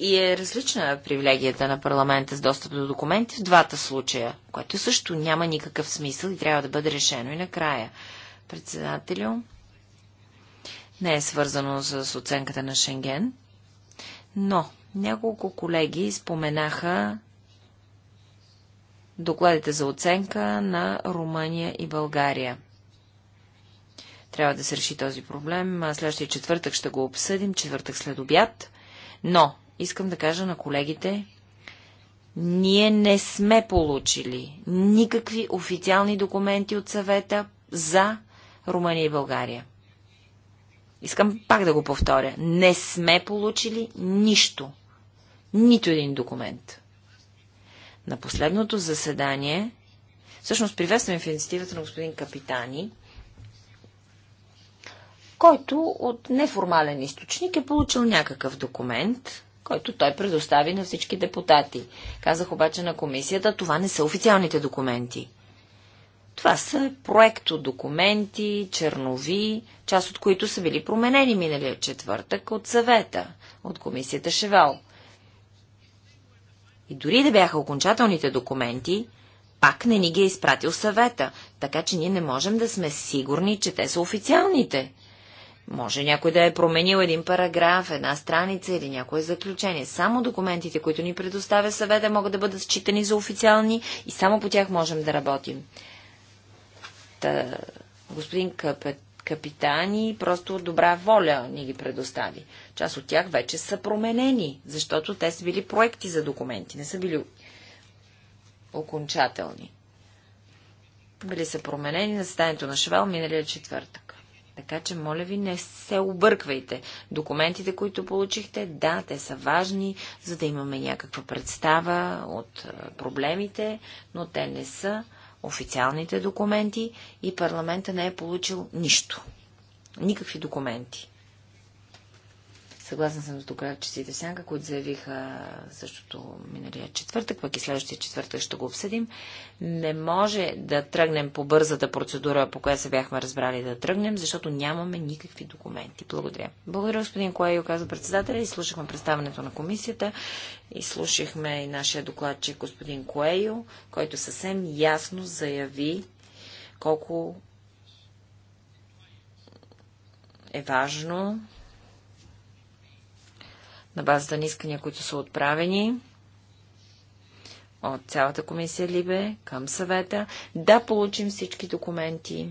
и е различна привилегията на парламента с достъп до документи в двата случая, което също няма никакъв смисъл и трябва да бъде решено и накрая. Председателю, не е свързано с оценката на Шенген, но няколко колеги споменаха докладите за оценка на Румъния и България. Трябва да се реши този проблем. Следващия четвъртък ще го обсъдим, четвъртък след обяд. Но искам да кажа на колегите, ние не сме получили никакви официални документи от съвета за Румъния и България. Искам пак да го повторя. Не сме получили нищо. Нито един документ. На последното заседание, всъщност приветствам в инициативата на господин Капитани, който от неформален източник е получил някакъв документ, който той предостави на всички депутати. Казах обаче на комисията, това не са официалните документи. Това са проекто документи, чернови, част от които са били променени миналия четвъртък от съвета, от комисията Шевал. И дори да бяха окончателните документи, пак не ни ги е изпратил съвета, така че ние не можем да сме сигурни, че те са официалните – може някой да е променил един параграф, една страница или някое заключение. Само документите, които ни предоставя съвета, могат да бъдат считани за официални и само по тях можем да работим. Та, господин Къпет, капитани, просто добра воля ни ги предостави. Част от тях вече са променени, защото те са били проекти за документи, не са били окончателни. Били са променени на съданието на Шевел миналия четвъртък. Така че, моля ви, не се обърквайте. Документите, които получихте, да, те са важни, за да имаме някаква представа от проблемите, но те не са официалните документи и парламента не е получил нищо. Никакви документи. Съгласна съм с докладчиците Сянка, които заявиха същото миналия четвъртък, пък и следващия четвъртък ще го обсъдим. Не може да тръгнем по бързата процедура, по която се бяхме разбрали да тръгнем, защото нямаме никакви документи. Благодаря. Благодаря, господин Коайо, каза председателя. Изслушахме представането на комисията. Изслушахме и нашия докладчик, господин Коейо, който съвсем ясно заяви колко е важно на базата на искания, които са отправени от цялата комисия Либе към съвета, да получим всички документи,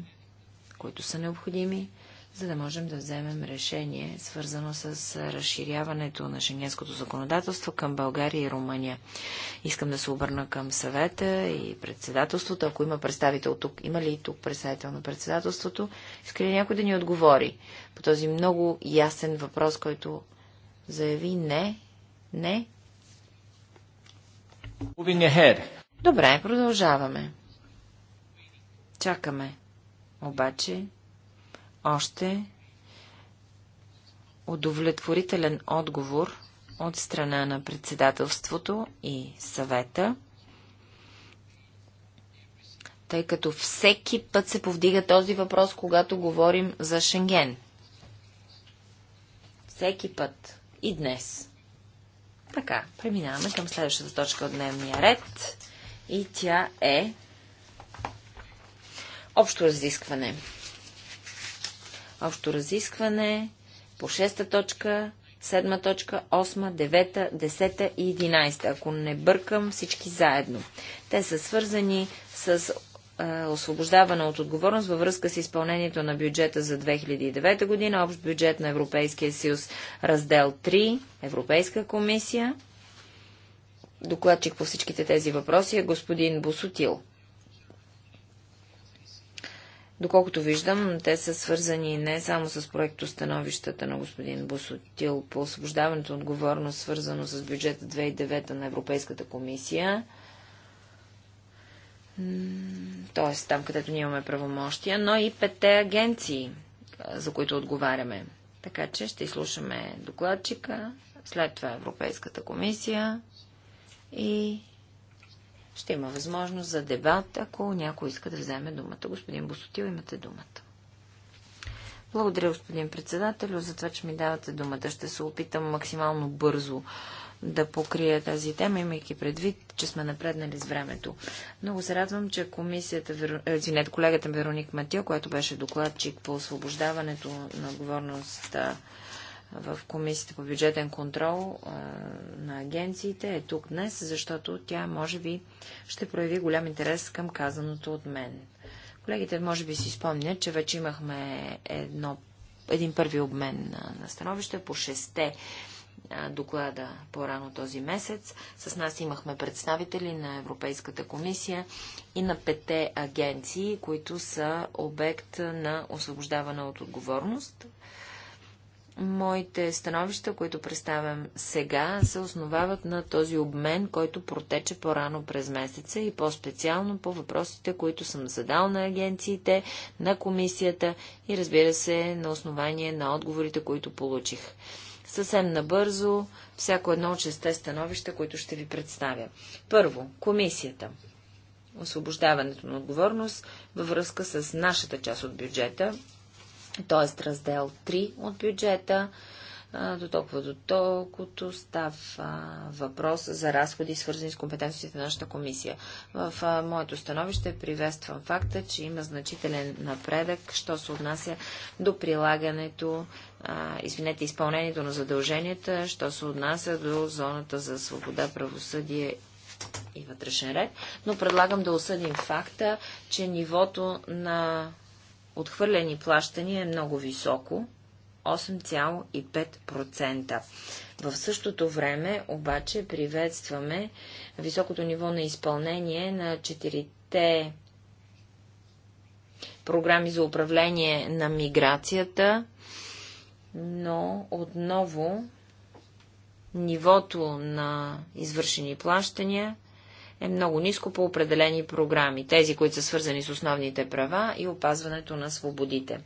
които са необходими, за да можем да вземем решение, свързано с разширяването на шенгенското законодателство към България и Румъния. Искам да се обърна към съвета и председателството. Ако има представител тук, има ли и тук представител на председателството, иска ли някой да ни отговори по този много ясен въпрос, който заяви не, не. Добре, продължаваме. Чакаме. Обаче, още удовлетворителен отговор от страна на председателството и съвета, тъй като всеки път се повдига този въпрос, когато говорим за Шенген. Всеки път и днес. Така, преминаваме към следващата точка от дневния ред и тя е общо разискване. Общо разискване по шеста точка, седма точка, осма, девета, десета и единайста. Ако не бъркам всички заедно. Те са свързани с е, освобождаване от отговорност във връзка с изпълнението на бюджета за 2009 година, общ бюджет на Европейския съюз, раздел 3, Европейска комисия. Докладчик по всичките тези въпроси е господин Босотил. Доколкото виждам, те са свързани не само с проектостановищата на господин Босотил по освобождаването отговорност, свързано с бюджет 2009 на Европейската комисия, т.е. там, където ние имаме правомощия, но и петте агенции, за които отговаряме. Така че ще изслушаме докладчика, след това Европейската комисия и ще има възможност за дебат, ако някой иска да вземе думата. Господин Босотил, имате думата. Благодаря, господин председател, за това, че ми давате думата. Ще се опитам максимално бързо да покрия тази тема, имайки предвид, че сме напреднали с времето. Много се радвам, че комисията, е, извинете, колегата Вероник Матио, която беше докладчик по освобождаването на отговорността в Комисията по бюджетен контрол е, на агенциите е тук днес, защото тя може би ще прояви голям интерес към казаното от мен. Колегите може би си спомнят, че вече имахме едно, един първи обмен на, на становище по шесте доклада по-рано този месец. С нас имахме представители на Европейската комисия и на пете агенции, които са обект на освобождаване от отговорност. Моите становища, които представям сега, се основават на този обмен, който протече по-рано през месеца и по-специално по въпросите, които съм задал на агенциите, на комисията и разбира се на основание на отговорите, които получих съвсем набързо всяко едно от шесте становища, които ще ви представя. Първо, комисията. Освобождаването на отговорност във връзка с нашата част от бюджета, т.е. раздел 3 от бюджета, до толкова до толкова става въпрос за разходи, свързани с компетенциите на нашата комисия. В моето становище приветствам факта, че има значителен напредък, що се отнася до прилагането а, извинете, изпълнението на задълженията, що се отнася до зоната за свобода, правосъдие и вътрешен ред, но предлагам да осъдим факта, че нивото на отхвърлени плащания е много високо 8,5%. В същото време обаче приветстваме високото ниво на изпълнение на четирите програми за управление на миграцията, но отново нивото на извършени плащания е много ниско по определени програми, тези, които са свързани с основните права и опазването на свободите.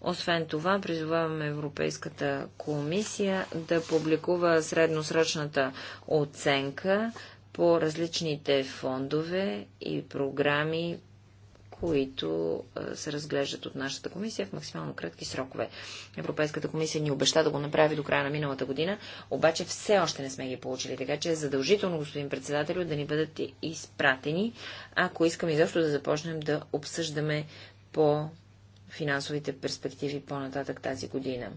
Освен това, призоваваме Европейската комисия да публикува средносрочната оценка по различните фондове и програми които се разглеждат от нашата комисия в максимално кратки срокове. Европейската комисия ни обеща да го направи до края на миналата година, обаче все още не сме ги получили, така че е задължително, господин председател, да ни бъдат изпратени, ако искаме изобщо да започнем да обсъждаме по финансовите перспективи по-нататък тази година.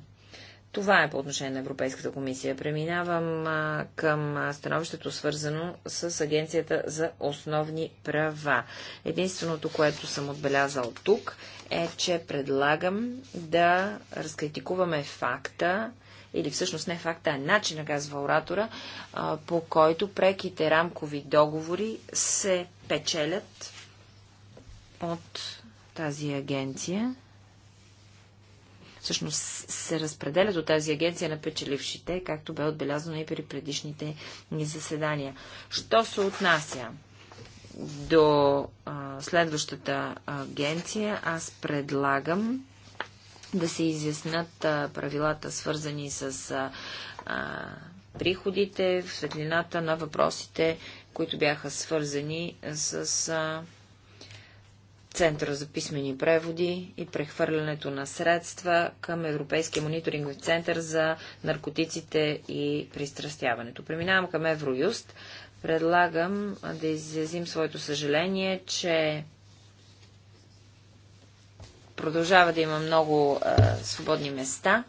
Това е по отношение на Европейската комисия. Преминавам а, към становището, свързано с Агенцията за основни права. Единственото, което съм отбелязал тук, е, че предлагам да разкритикуваме факта, или всъщност не факта, а начина, казва оратора, а, по който преките рамкови договори се печелят от тази агенция всъщност се разпределят от тази агенция на печелившите, както бе отбелязано и при предишните ни заседания. Що се отнася до а, следващата агенция, аз предлагам да се изяснат а, правилата, свързани с а, а, приходите в светлината на въпросите, които бяха свързани с. А, Центъра за писмени преводи и прехвърлянето на средства към Европейския мониторингов център за наркотиците и пристрастяването. Преминавам към Евроюст. Предлагам да изразим своето съжаление, че продължава да има много е, свободни места,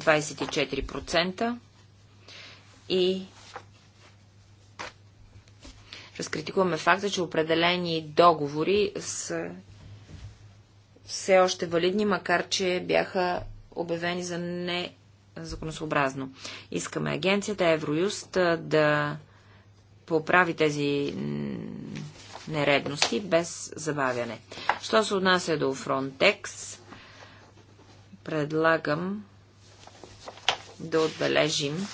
24%, и разкритикуваме факта, че определени договори са все още валидни, макар че бяха обявени за незаконосообразно. Искаме агенцията Евроюст да поправи тези нередности без забавяне. Що се отнася до Frontex, предлагам да отбележим,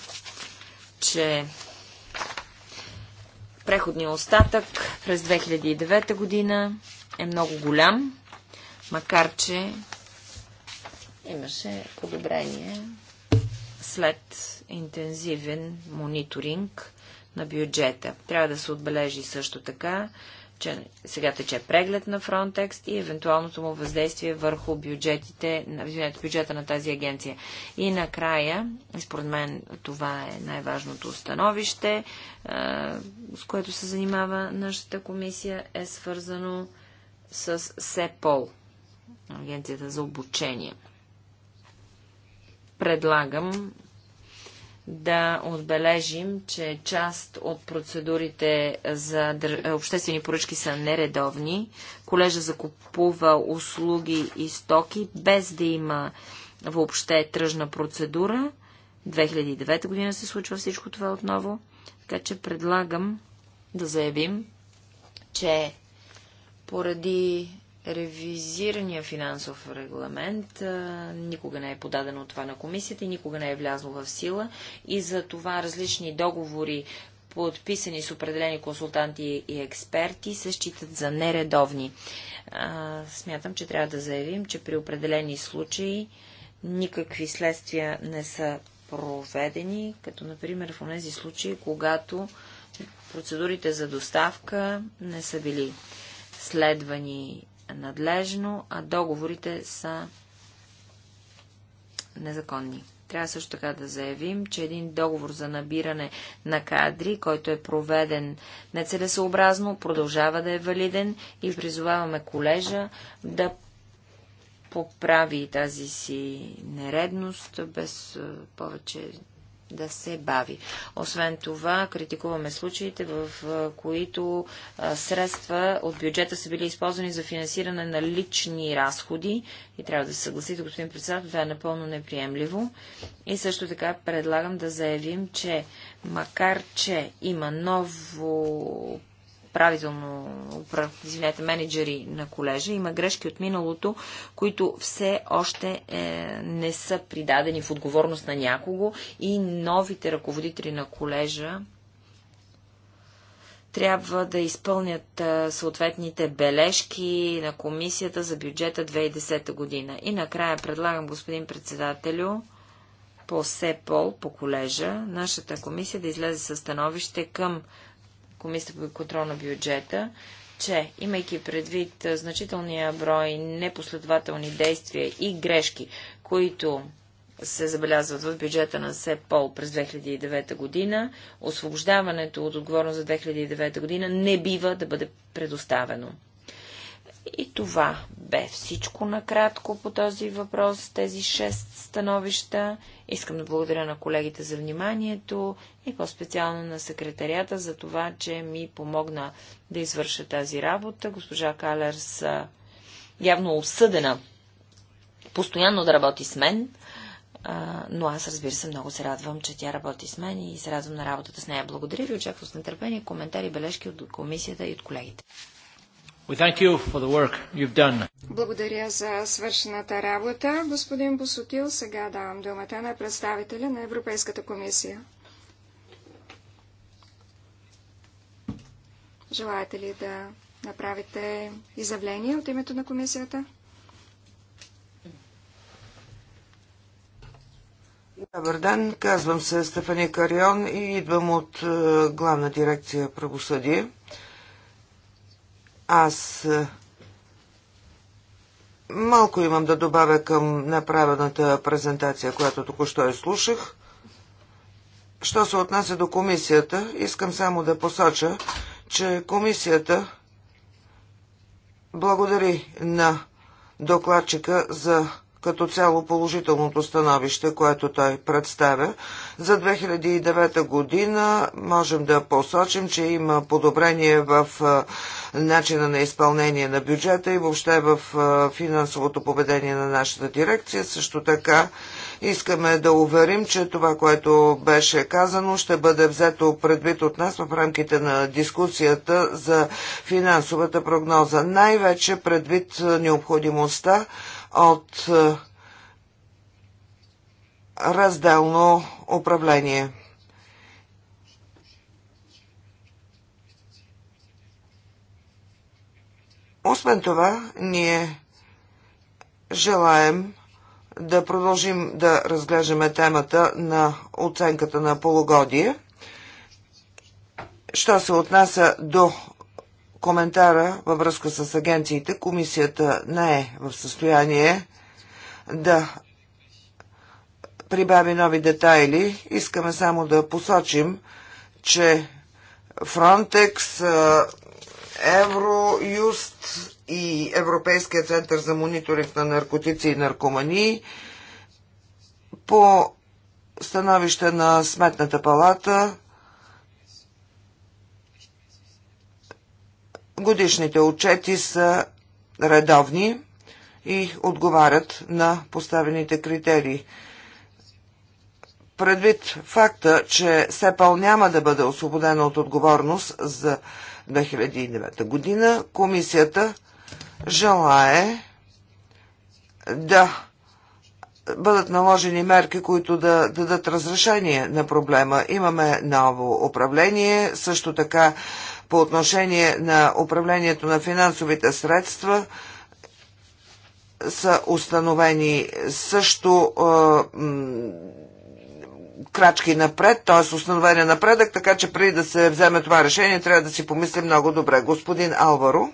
че Преходният остатък през 2009 година е много голям, макар че имаше подобрение след интензивен мониторинг на бюджета. Трябва да се отбележи също така, че сега тече преглед на Frontex и евентуалното му въздействие върху бюджетите, бюджета на тази агенция. И накрая, според мен това е най-важното становище, с което се занимава нашата комисия, е свързано с СЕПОЛ, агенцията за обучение. Предлагам да отбележим, че част от процедурите за е, обществени поръчки са нередовни. Колежа закупува услуги и стоки без да има въобще тръжна процедура. 2009 година се случва всичко това отново. Така че предлагам да заявим, че поради Ревизирания финансов регламент а, никога не е подадено това на комисията и никога не е влязло в сила и за това различни договори, подписани с определени консултанти и експерти, се считат за нередовни. А, смятам, че трябва да заявим, че при определени случаи никакви следствия не са проведени, като например в тези случаи, когато процедурите за доставка не са били следвани надлежно, а договорите са незаконни. Трябва също така да заявим, че един договор за набиране на кадри, който е проведен нецелесообразно, продължава да е валиден и призоваваме колежа да поправи тази си нередност без повече да се бави. Освен това, критикуваме случаите, в които средства от бюджета са били използвани за финансиране на лични разходи и трябва да се съгласите, господин председател, това е напълно неприемливо. И също така предлагам да заявим, че макар, че има ново правилно извинете, менеджери на колежа. Има грешки от миналото, които все още е, не са придадени в отговорност на някого и новите ръководители на колежа трябва да изпълнят е, съответните бележки на комисията за бюджета 2010 година. И накрая предлагам господин председателю по СЕПОЛ, по колежа, нашата комисия да излезе със становище към Комисията по контрол на бюджета, че имайки предвид значителния брой непоследователни действия и грешки, които се забелязват в бюджета на СЕПОЛ през 2009 година, освобождаването от отговорност за 2009 година не бива да бъде предоставено. И това бе всичко накратко по този въпрос, тези шест становища. Искам да благодаря на колегите за вниманието и по-специално на секретарията за това, че ми помогна да извърша тази работа. Госпожа Калерс явно осъдена постоянно да работи с мен, но аз разбира се много се радвам, че тя работи с мен и се радвам на работата с нея. Благодаря ви, очаквам с нетърпение коментари, бележки от комисията и от колегите. Благодаря за свършената работа. Господин Босотил, сега давам думата на представителя на Европейската комисия. Желаете ли да направите изявление от името на комисията? Добър ден, казвам се Стефани Карион и идвам от е, главна дирекция правосъдие. Аз е, малко имам да добавя към направената презентация, която току-що изслушах. Що се отнася до комисията, искам само да посоча, че комисията благодари на докладчика за като цяло положителното становище, което той представя. За 2009 година можем да посочим, че има подобрение в начина на изпълнение на бюджета и въобще в финансовото поведение на нашата дирекция. Също така искаме да уверим, че това, което беше казано, ще бъде взето предвид от нас в рамките на дискусията за финансовата прогноза. Най-вече предвид необходимостта от е, разделно управление. Освен това, ние желаем да продължим да разглеждаме темата на оценката на полугодие. Що се отнася до коментара във връзка с агенциите, комисията не е в състояние да прибави нови детайли. Искаме само да посочим, че Фронтекс, Евроюст и Европейския център за мониторинг на наркотици и наркомании по становище на Сметната палата Годишните отчети са редовни и отговарят на поставените критерии. Предвид факта, че СЕПАЛ няма да бъде освободена от отговорност за 2009 година, комисията желае да бъдат наложени мерки, които да дадат разрешение на проблема. Имаме ново управление, също така по отношение на управлението на финансовите средства са установени също крачки напред, т.е. установени напредък, така че преди да се вземе това решение, трябва да си помисли много добре. Господин Алваро.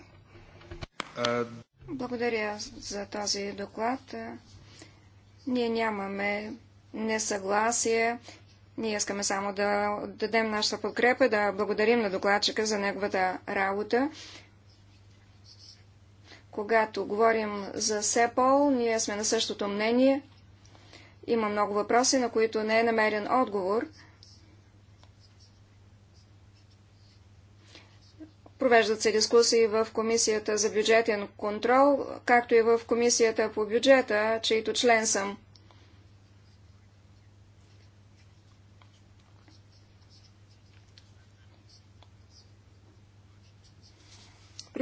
Благодаря за този доклад. Ние нямаме несъгласие ние искаме само да дадем нашата подкрепа, да благодарим на докладчика за неговата работа. Когато говорим за СЕПОЛ, ние сме на същото мнение. Има много въпроси, на които не е намерен отговор. Провеждат се дискусии в Комисията за бюджетен контрол, както и в Комисията по бюджета, чието член съм.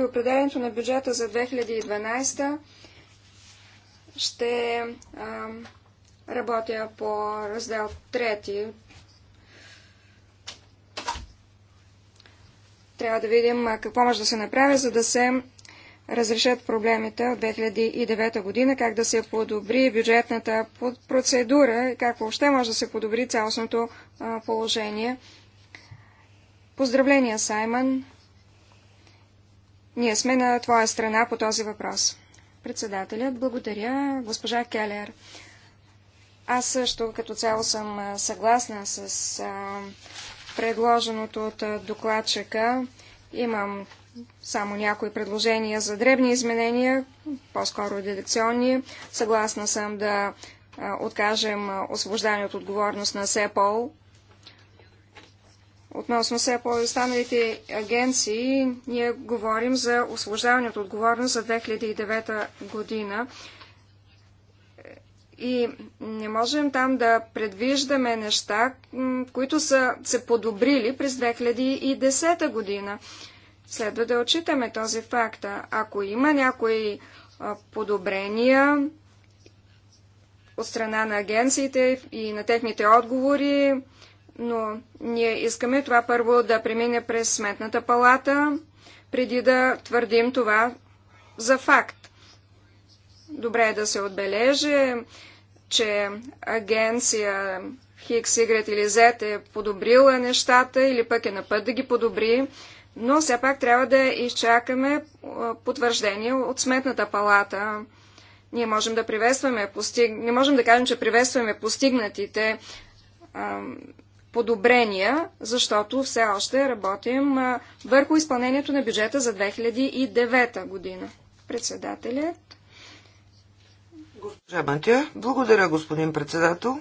при определенето на бюджета за 2012 ще а, работя по раздел 3. Трябва да видим какво може да се направи, за да се разрешат проблемите от 2009 година, как да се подобри бюджетната процедура и как въобще може да се подобри цялостното положение. Поздравления, Саймън! Ние сме на твоя страна по този въпрос. Председателят, благодаря, госпожа Келер. Аз също като цяло съм съгласна с а, предложеното от докладчика. Имам само някои предложения за дребни изменения, по-скоро редакционни. Съгласна съм да откажем освобождане от отговорност на СЕПОЛ Относно все по-останалите агенции, ние говорим за освобождаване от отговорност за 2009 година. И не можем там да предвиждаме неща, които са се подобрили през 2010 година. Следва да отчитаме този факт. Ако има някои подобрения от страна на агенциите и на техните отговори, но ние искаме това първо да премине през сметната палата, преди да твърдим това за факт. Добре е да се отбележи, че агенция Хикс, Y или Z е подобрила нещата или пък е на път да ги подобри, но все пак трябва да изчакаме потвърждение от Сметната палата. Ние можем да приветстваме, постиг... не можем да кажем, че приветстваме постигнатите подобрения, защото все още работим върху изпълнението на бюджета за 2009 година. Председателят. Госпожа Бантя, благодаря, господин председател.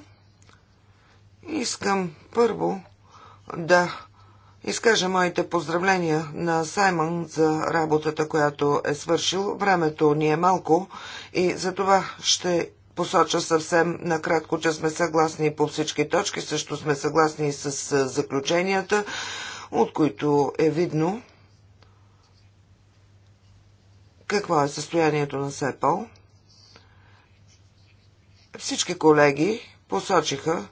Искам първо да изкажа моите поздравления на Саймън за работата, която е свършил. Времето ни е малко и за това ще посоча съвсем накратко, че сме съгласни по всички точки, също сме съгласни и с заключенията, от които е видно какво е състоянието на СЕПОЛ. Всички колеги посочиха,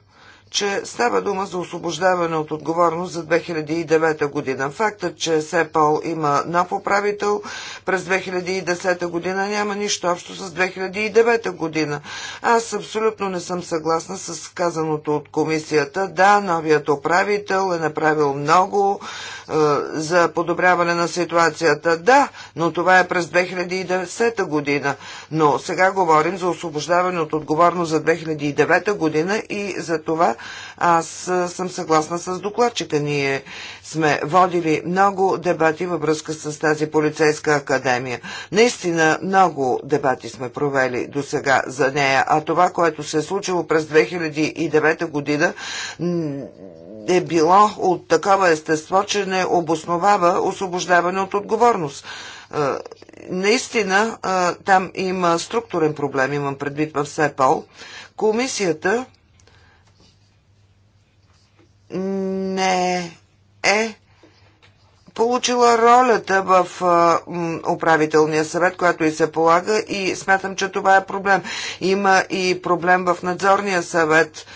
че става дума за освобождаване от отговорност за 2009 година. Фактът, че СЕПОЛ има нов управител през 2010 година няма нищо общо с 2009 година. Аз абсолютно не съм съгласна с казаното от комисията. Да, новият управител е направил много е, за подобряване на ситуацията. Да, но това е през 2010 година. Но сега говорим за освобождаване от отговорност за 2009 година и за това аз съм съгласна с докладчика. Ние сме водили много дебати във връзка с тази полицейска академия. Наистина много дебати сме провели до сега за нея, а това, което се е случило през 2009 година, е било от такова естество, че не обосновава освобождаване от отговорност. Наистина там има структурен проблем, имам предвид в СЕПОЛ. Комисията не е получила ролята в управителния съвет, която и се полага и смятам, че това е проблем. Има и проблем в надзорния съвет.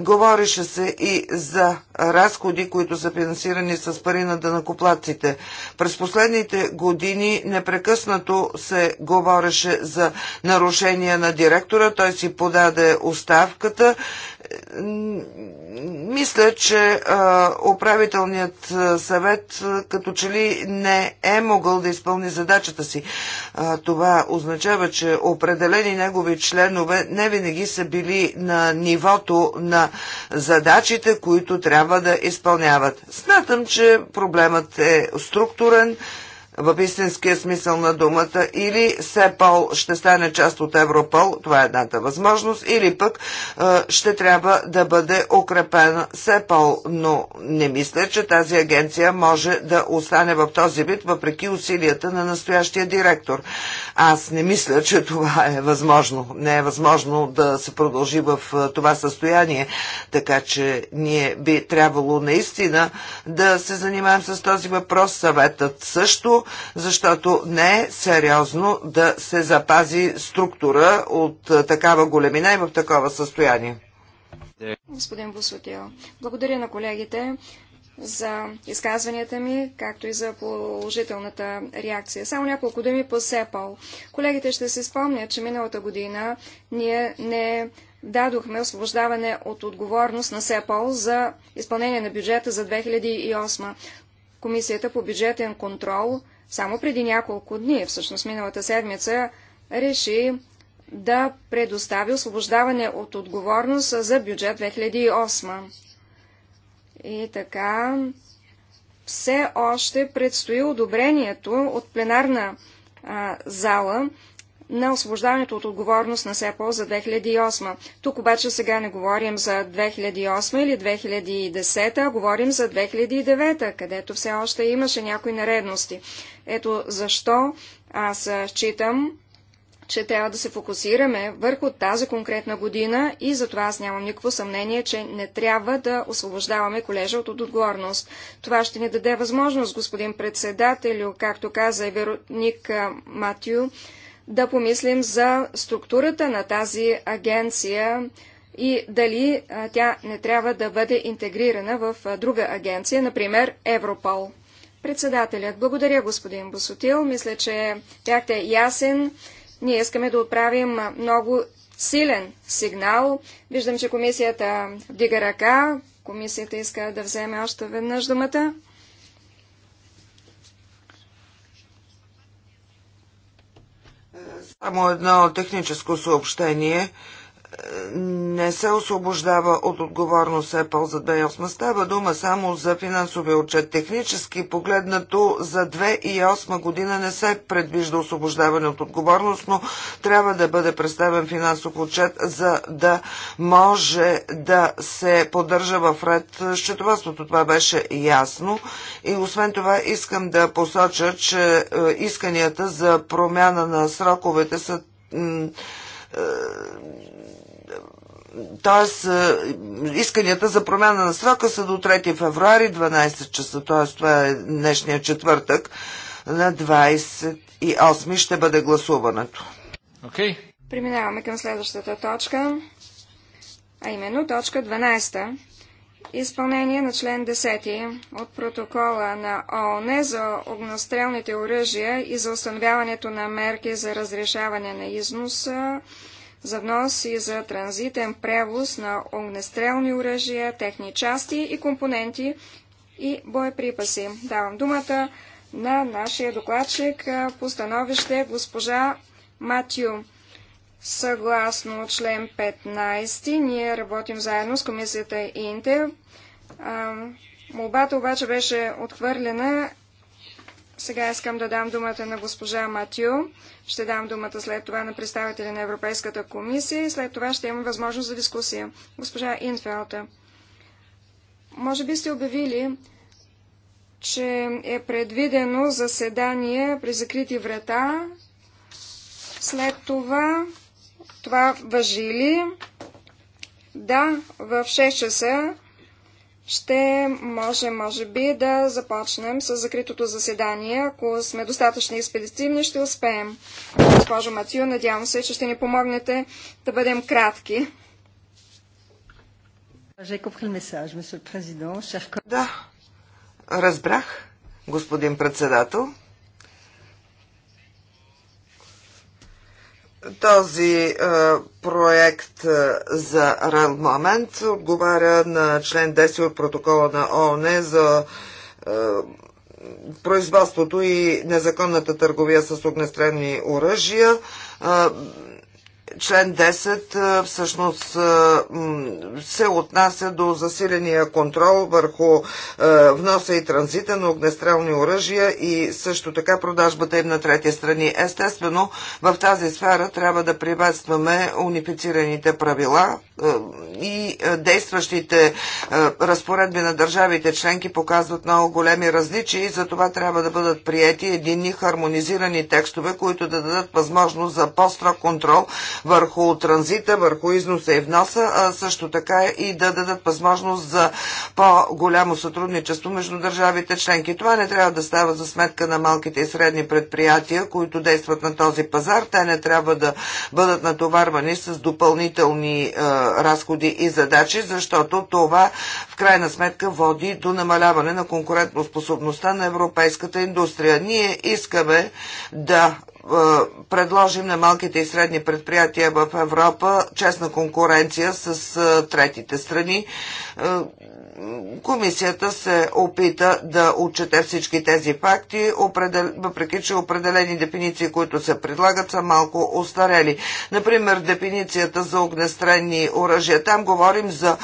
Говореше се и за разходи, които са финансирани с пари на дънакоплаците. През последните години непрекъснато се говореше за нарушения на директора. Той си подаде оставката мисля, че а, управителният съвет като че ли не е могъл да изпълни задачата си. А, това означава, че определени негови членове не винаги са били на нивото на задачите, които трябва да изпълняват. Смятам, че проблемът е структурен в истинския смисъл на думата, или СЕПОЛ ще стане част от Европол, това е едната възможност, или пък е, ще трябва да бъде укрепена СЕПОЛ, но не мисля, че тази агенция може да остане в този вид, въпреки усилията на настоящия директор. Аз не мисля, че това е възможно. Не е възможно да се продължи в е, това състояние, така че ние би трябвало наистина да се занимаем с този въпрос. Съветът също защото не е сериозно да се запази структура от такава големина и в такова състояние. Господин Бусотил, благодаря на колегите за изказванията ми, както и за положителната реакция. Само няколко думи по СЕПАЛ. Колегите ще се спомнят, че миналата година ние не дадохме освобождаване от отговорност на СЕПАЛ за изпълнение на бюджета за 2008. Комисията по бюджетен контрол само преди няколко дни, всъщност миналата седмица, реши да предостави освобождаване от отговорност за бюджет 2008. И така, все още предстои одобрението от пленарна а, зала на освобождаването от отговорност на СЕПО за 2008. Тук обаче сега не говорим за 2008 или 2010, а говорим за 2009, където все още имаше някои наредности. Ето защо аз считам, че трябва да се фокусираме върху тази конкретна година и затова аз нямам никакво съмнение, че не трябва да освобождаваме колежа от отговорност. Това ще ни даде възможност, господин председателю, както каза Вероник Матю, да помислим за структурата на тази агенция и дали тя не трябва да бъде интегрирана в друга агенция, например Европол. Председателят, благодаря господин Босотил. Мисля, че е ясен. Ние искаме да отправим много силен сигнал. Виждам, че комисията вдига ръка. Комисията иска да вземе още веднъж думата. Само едно техническо съобщение не се освобождава от отговорност Apple за 2008. Става дума само за финансовия отчет. Технически погледнато за 2008 година не се предвижда освобождаване от отговорност, но трябва да бъде представен финансов отчет, за да може да се поддържа в ред счетоводството. Това беше ясно. И освен това искам да посоча, че е, исканията за промяна на сроковете са е, т.е. исканията за промяна на срока са до 3 февруари 12 часа, т.е. това е днешния четвъртък. На 28 ще бъде гласуването. Okay. Преминаваме към следващата точка, а именно точка 12. Изпълнение на член 10 от протокола на ООН за огнестрелните оръжия и за установяването на мерки за разрешаване на износа за внос и за транзитен превоз на огнестрелни оръжия, техни части и компоненти и боеприпаси. Давам думата на нашия докладчик по становище госпожа Матю. Съгласно член 15, ние работим заедно с комисията Инте. Молбата обаче беше отхвърлена сега искам да дам думата на госпожа Матю. Ще дам думата след това на представители на Европейската комисия и след това ще имам възможност за дискусия. Госпожа Инфелта, може би сте обявили, че е предвидено заседание при закрити врата. След това, това въжи ли? Да, в 6 часа ще може, може би, да започнем с закритото заседание. Ако сме достатъчно експедитивни, ще успеем. Госпожо Матио, надявам се, че ще ни помогнете да бъдем кратки. Да, разбрах, господин председател. Този е, проект е, за момент отговаря на член 10 от протокола на ООН за е, производството и незаконната търговия с огнестрелни оръжия член 10 всъщност се отнася до засиления контрол върху вноса и транзита на огнестрелни оръжия и също така продажбата им на трети страни. Естествено, в тази сфера трябва да приветстваме унифицираните правила и действащите разпоредби на държавите членки показват много големи различия и за това трябва да бъдат приети единни хармонизирани текстове, които да дадат възможност за по-строг контрол върху транзита, върху износа и вноса, а също така и да дадат възможност за по-голямо сътрудничество между държавите членки. Това не трябва да става за сметка на малките и средни предприятия, които действат на този пазар. Те не трябва да бъдат натоварвани с допълнителни е, разходи и задачи, защото това в крайна сметка води до намаляване на конкурентоспособността на европейската индустрия. Ние искаме да е, предложим на малките и средни предприятия в Европа честна конкуренция с е, третите страни. Е, Комисията се опита да отчете всички тези факти, въпреки че определени дефиниции, които се предлагат, са малко остарели. Например, дефиницията за огнестрени оръжия. Там говорим за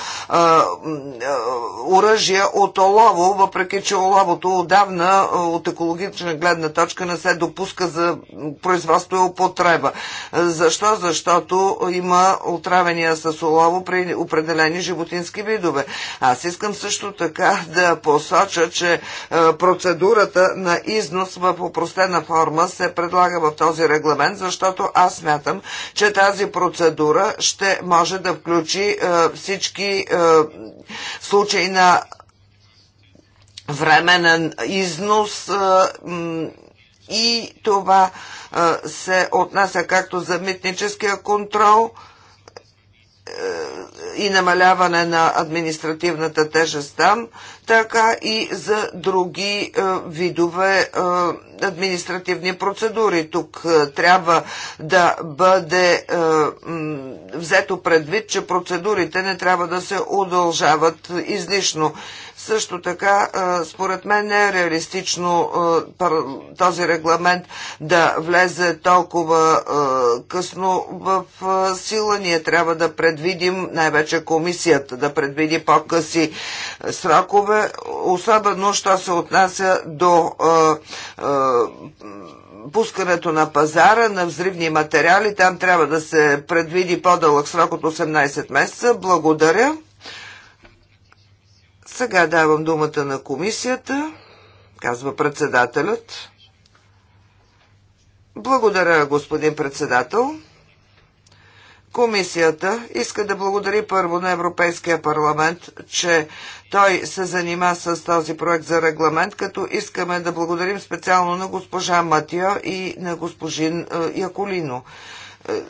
оръжия от олово, въпреки че оловото отдавна от екологична гледна точка не се допуска за производство и употреба. Защо? Защото има отравения с олово при определени животински видове. Аз искам Искам също така да посоча, че е, процедурата на износ в упростена форма се предлага в този регламент, защото аз смятам, че тази процедура ще може да включи е, всички е, случаи на временен износ и това се отнася както за митническия контрол, и намаляване на административната тежест там, така и за други е, видове е, административни процедури. Тук е, трябва да бъде взето предвид, че процедурите не трябва да се удължават излишно. Също така, според мен не е реалистично този регламент да влезе толкова късно в сила. Ние трябва да предвидим, най-вече комисията да предвиди по-къси срокове, особено, що се отнася до пускането на пазара на взривни материали. Там трябва да се предвиди по-дълъг срок от 18 месеца. Благодаря. Сега давам думата на комисията, казва председателят. Благодаря, господин председател. Комисията иска да благодари първо на Европейския парламент, че той се занима с този проект за регламент, като искаме да благодарим специално на госпожа Матио и на госпожин е, Яколино е,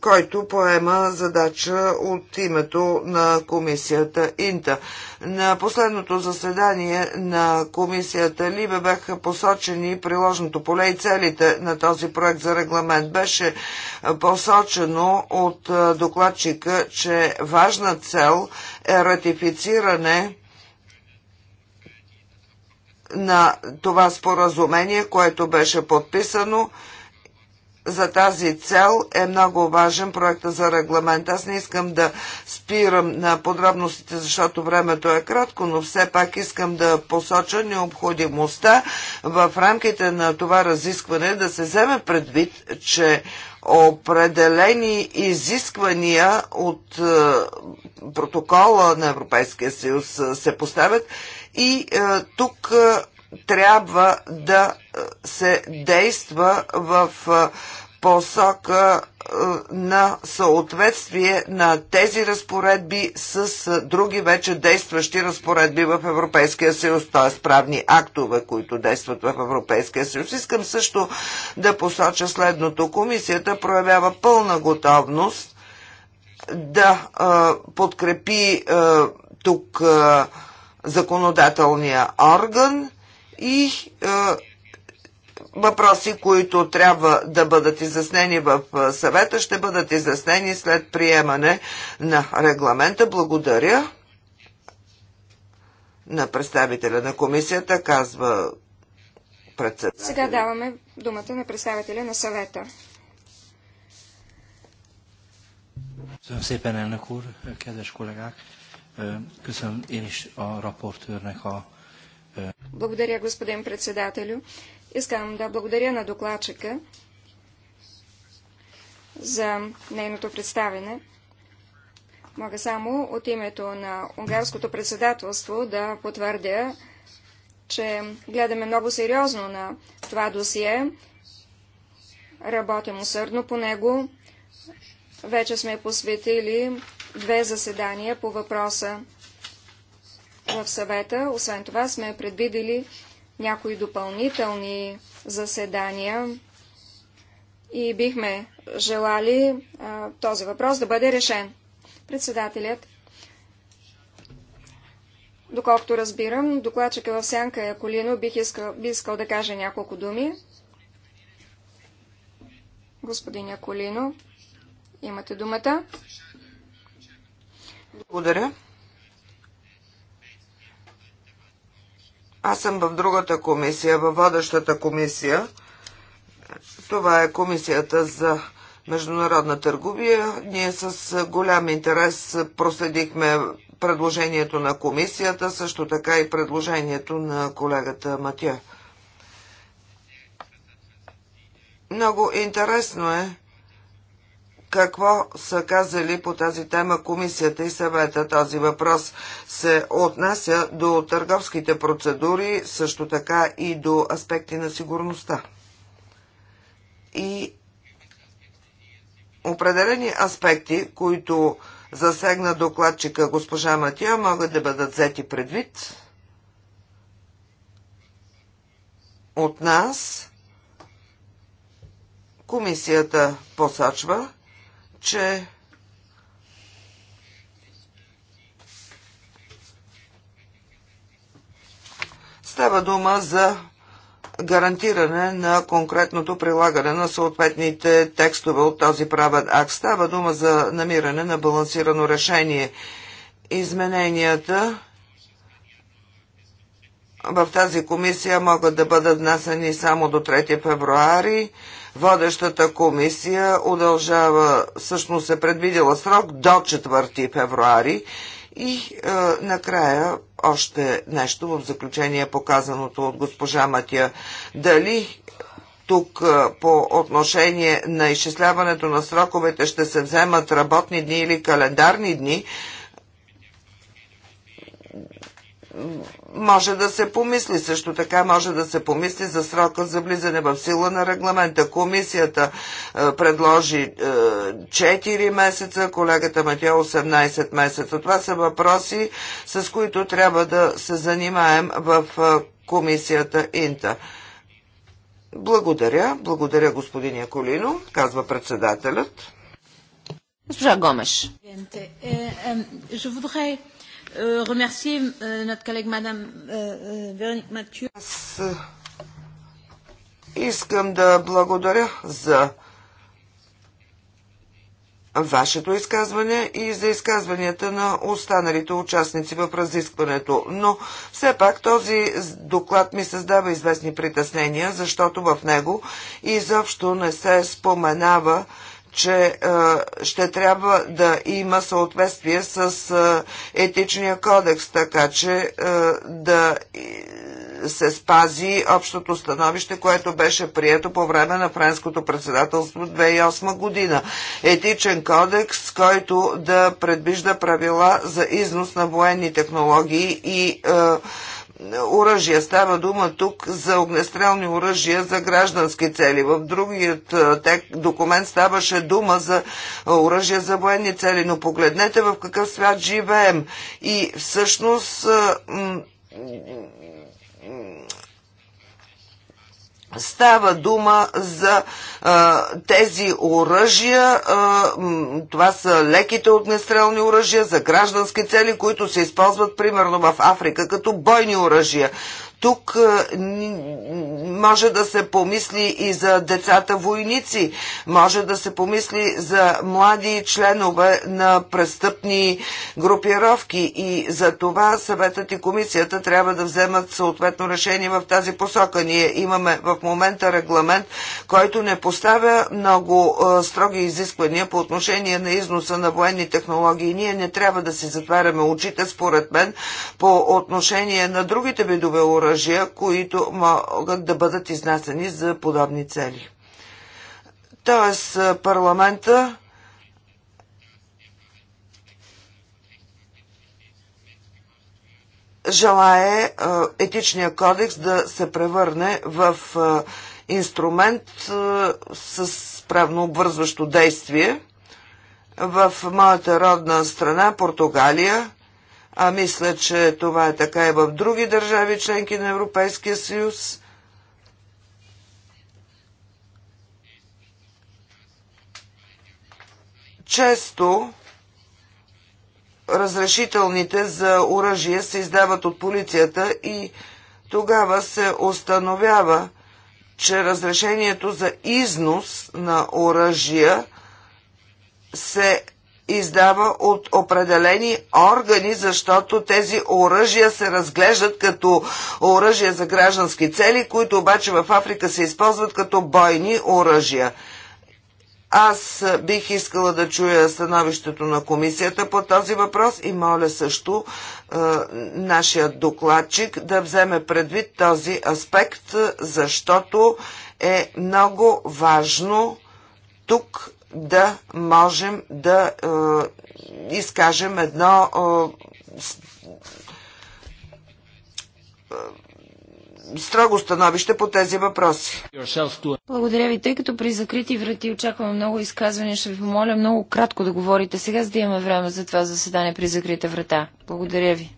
който поема задача от името на комисията Инта. На последното заседание на комисията Либе бяха посочени приложното поле и целите на този проект за регламент. Беше посочено от докладчика, че важна цел е ратифициране на това споразумение, което беше подписано за тази цел е много важен проекта за регламент. Аз не искам да спирам на подробностите, защото времето е кратко, но все пак искам да посоча необходимостта в рамките на това разискване да се вземе предвид, че определени изисквания от е, протокола на Европейския съюз е, се поставят и е, тук трябва да е, се действа в е, посока е, на съответствие на тези разпоредби с други вече действащи разпоредби в Европейския съюз, т.е. правни актове, които действат в Европейския съюз. Искам също да посоча следното. Комисията проявява пълна готовност да подкрепи тук законодателния орган и въпроси, които трябва да бъдат изяснени в съвета, ще бъдат изяснени след приемане на регламента. Благодаря на представителя на комисията, казва председателя. Сега даваме думата на представителя на съвета. Köszönöm szépen, elnök úr, kedves kollégák! Köszönöm én is a raportőrnek a благодаря, господин председателю. Искам да благодаря на докладчика за нейното представене. Мога само от името на унгарското председателство да потвърдя, че гледаме много сериозно на това досие, работим усърдно по него. Вече сме посветили две заседания по въпроса в съвета. Освен това сме предвидели някои допълнителни заседания и бихме желали а, този въпрос да бъде решен. Председателят, доколкото разбирам, докладчика в Сянка Яколино бих искал, би искал да каже няколко думи. Господин Яколино, имате думата. Благодаря. Аз съм в другата комисия, във водещата комисия. Това е комисията за международна търговия. Ние с голям интерес проследихме предложението на комисията, също така и предложението на колегата Матя. Много интересно е какво са казали по тази тема комисията и съвета. Този въпрос се отнася до търговските процедури, също така и до аспекти на сигурността. И определени аспекти, които засегна докладчика госпожа Матия, могат да бъдат взети предвид от нас. Комисията посочва, че става дума за гарантиране на конкретното прилагане на съответните текстове от този правен акт. Става дума за намиране на балансирано решение. Измененията в тази комисия могат да бъдат внасени само до 3 февруари. Водещата комисия удължава, всъщност е предвидила срок до 4 февруари и е, накрая още нещо в заключение показаното от госпожа Матия. Дали тук е, по отношение на изчисляването на сроковете ще се вземат работни дни или календарни дни, може да се помисли. Също така може да се помисли за срока за влизане в сила на регламента. Комисията е, предложи е, 4 месеца, колегата Матео 18 месеца. Това са въпроси, с които трябва да се занимаем в е, комисията Инта. Благодаря, благодаря господин Яколино, казва председателят. Госпожа Гомеш. Euh, remercier euh, notre collègue мадам Вероник Матю. Аз э, искам да благодаря за вашето изказване и за изказванията на останалите участници в разискването. Но все пак този доклад ми създава известни притеснения, защото в него изобщо не се споменава че е, ще трябва да има съответствие с е, етичния кодекс, така че е, да се спази общото становище, което беше прието по време на френското председателство 2008 година. Етичен кодекс, който да предвижда правила за износ на военни технологии и е, оръжия. Става дума тук за огнестрелни оръжия за граждански цели. В другият тек, документ ставаше дума за оръжия за военни цели. Но погледнете в какъв свят живеем. И всъщност Става дума за а, тези оръжия, а, това са леките огнестрелни оръжия за граждански цели, които се използват примерно в Африка като бойни оръжия. Тук може да се помисли и за децата войници, може да се помисли за млади членове на престъпни групировки и за това съветът и комисията трябва да вземат съответно решение в тази посока. Ние имаме в момента регламент, който не поставя много строги изисквания по отношение на износа на военни технологии. Ние не трябва да си затваряме очите, според мен, по отношение на другите видове оръжия оръжия, които могат да бъдат изнасяни за подобни цели. Тоест парламента желае етичния кодекс да се превърне в инструмент с правно обвързващо действие. В моята родна страна, Португалия, а мисля, че това е така и в други държави, членки на Европейския съюз. Често разрешителните за оръжие се издават от полицията и тогава се установява, че разрешението за износ на оръжия се издава от определени органи, защото тези оръжия се разглеждат като оръжия за граждански цели, които обаче в Африка се използват като бойни оръжия. Аз бих искала да чуя становището на комисията по този въпрос и моля също е, нашия докладчик да вземе предвид този аспект, защото е много важно тук да можем да е, изкажем едно е, е, строго становище по тези въпроси. Благодаря ви, тъй като при закрити врати очакваме много изказвания. Ще ви помоля много кратко да говорите сега, за да имаме време за това заседание при закрита врата. Благодаря ви.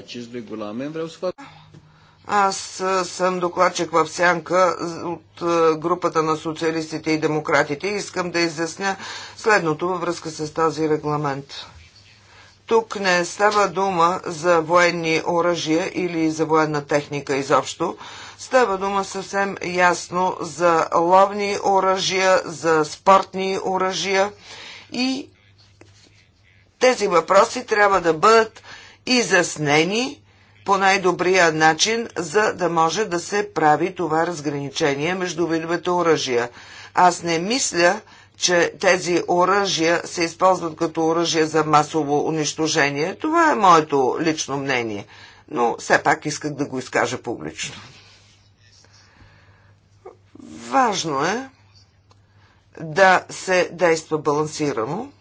acest regulament е е, vreau să fac аз съм докладчик в сянка от групата на социалистите и демократите и искам да изясня следното във връзка с този регламент. Тук не става дума за военни оръжия или за военна техника изобщо. Става дума съвсем ясно за ловни оръжия, за спортни оръжия и тези въпроси трябва да бъдат изяснени по най-добрия начин, за да може да се прави това разграничение между видовете оръжия. Аз не мисля, че тези оръжия се използват като оръжия за масово унищожение. Това е моето лично мнение, но все пак исках да го изкажа публично. Важно е да се действа балансирано.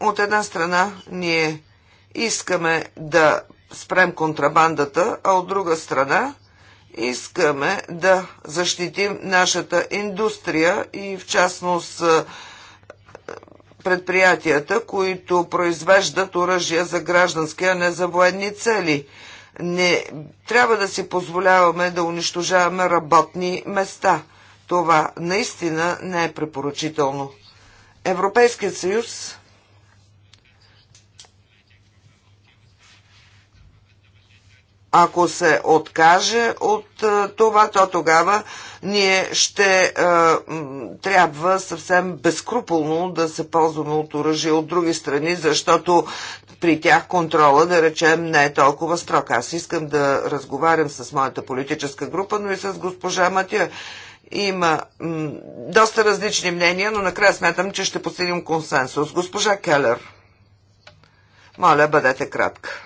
От една страна ние искаме да спрем контрабандата, а от друга страна искаме да защитим нашата индустрия и в частност предприятията, които произвеждат оръжия за граждански, а не за военни цели. Не трябва да си позволяваме да унищожаваме работни места. Това наистина не е препоръчително. Европейският съюз Ако се откаже от е, това, то тогава ние ще е, трябва съвсем безкруполно да се ползваме от оръжие от други страни, защото при тях контрола, да речем, не е толкова строг. Аз искам да разговарям с моята политическа група, но и с госпожа Матия. Има доста различни мнения, но накрая смятам, че ще постигнем консенсус. Госпожа Келер, моля, бъдете кратка.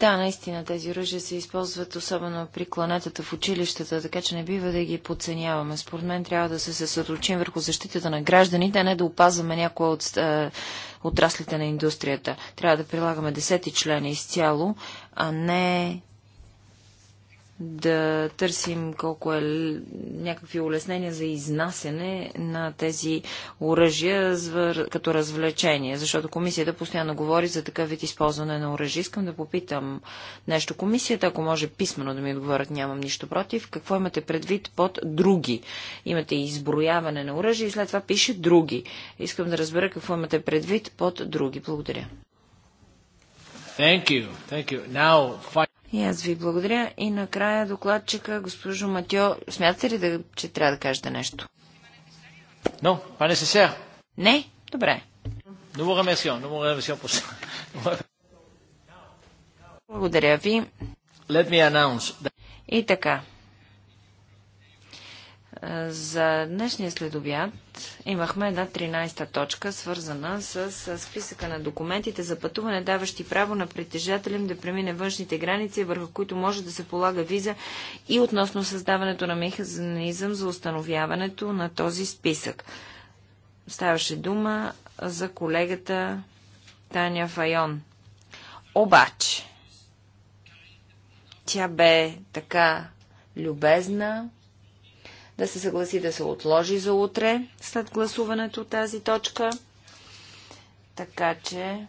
Да, наистина тези оръжия се използват особено при кланетата в училищата, така че не бива да ги подценяваме. Според мен трябва да се съсредоточим върху защитата на гражданите, а не да опазваме някоя от е, отраслите на индустрията. Трябва да прилагаме десети члени изцяло, а не да търсим колко е някакви улеснения за изнасяне на тези оръжия като развлечение, защото комисията постоянно говори за такъв вид използване на оръжия. Искам да попитам нещо. Комисията, ако може писменно да ми отговорят, нямам нищо против. Какво имате предвид под други? Имате изброяване на оръжия и след това пише други. Искам да разбера какво имате предвид под други. Благодаря. Thank you. Thank you. Now, и аз ви благодаря. И накрая докладчика, госпожо Матьо, смятате ли, да, че трябва да кажете нещо? Но, па не се сега. Не? Добре. Много ремесион, много ремесион по Благодаря ви. Let me announce. И така. За днешния следобяд имахме една 13-та точка, свързана с, списъка на документите за пътуване, даващи право на притежателя да премине външните граници, върху които може да се полага виза и относно създаването на механизъм за установяването на този списък. Ставаше дума за колегата Таня Файон. Обаче, тя бе така любезна да се съгласи да се отложи за утре след гласуването тази точка. Така че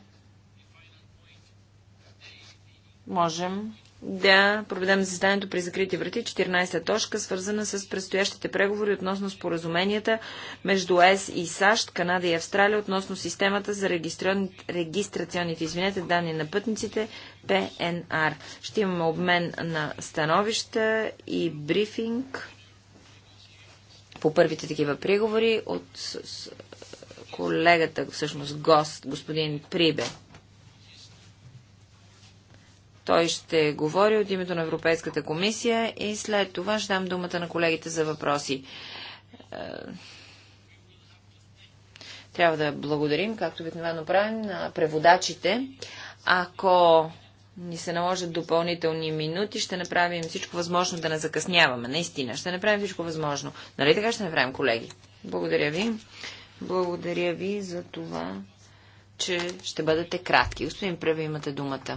можем да проведем заседанието при закрити врати, 14-та точка, свързана с предстоящите преговори относно споразуменията между ЕС и САЩ, Канада и Австралия относно системата за регистрационните извинете, данни на пътниците ПНР. Ще имаме обмен на становища и брифинг по първите такива приговори от с, колегата, всъщност гост, господин Прибе. Той ще говори от името на Европейската комисия и след това ще дам думата на колегите за въпроси. Е, трябва да благодарим, както обикновено правим, на преводачите. Ако ни се наложат допълнителни минути, ще направим всичко възможно да не закъсняваме. Наистина, ще направим всичко възможно. Нали така ще направим, колеги? Благодаря ви. Благодаря ви за това, че ще бъдете кратки. Господин Преви, имате думата.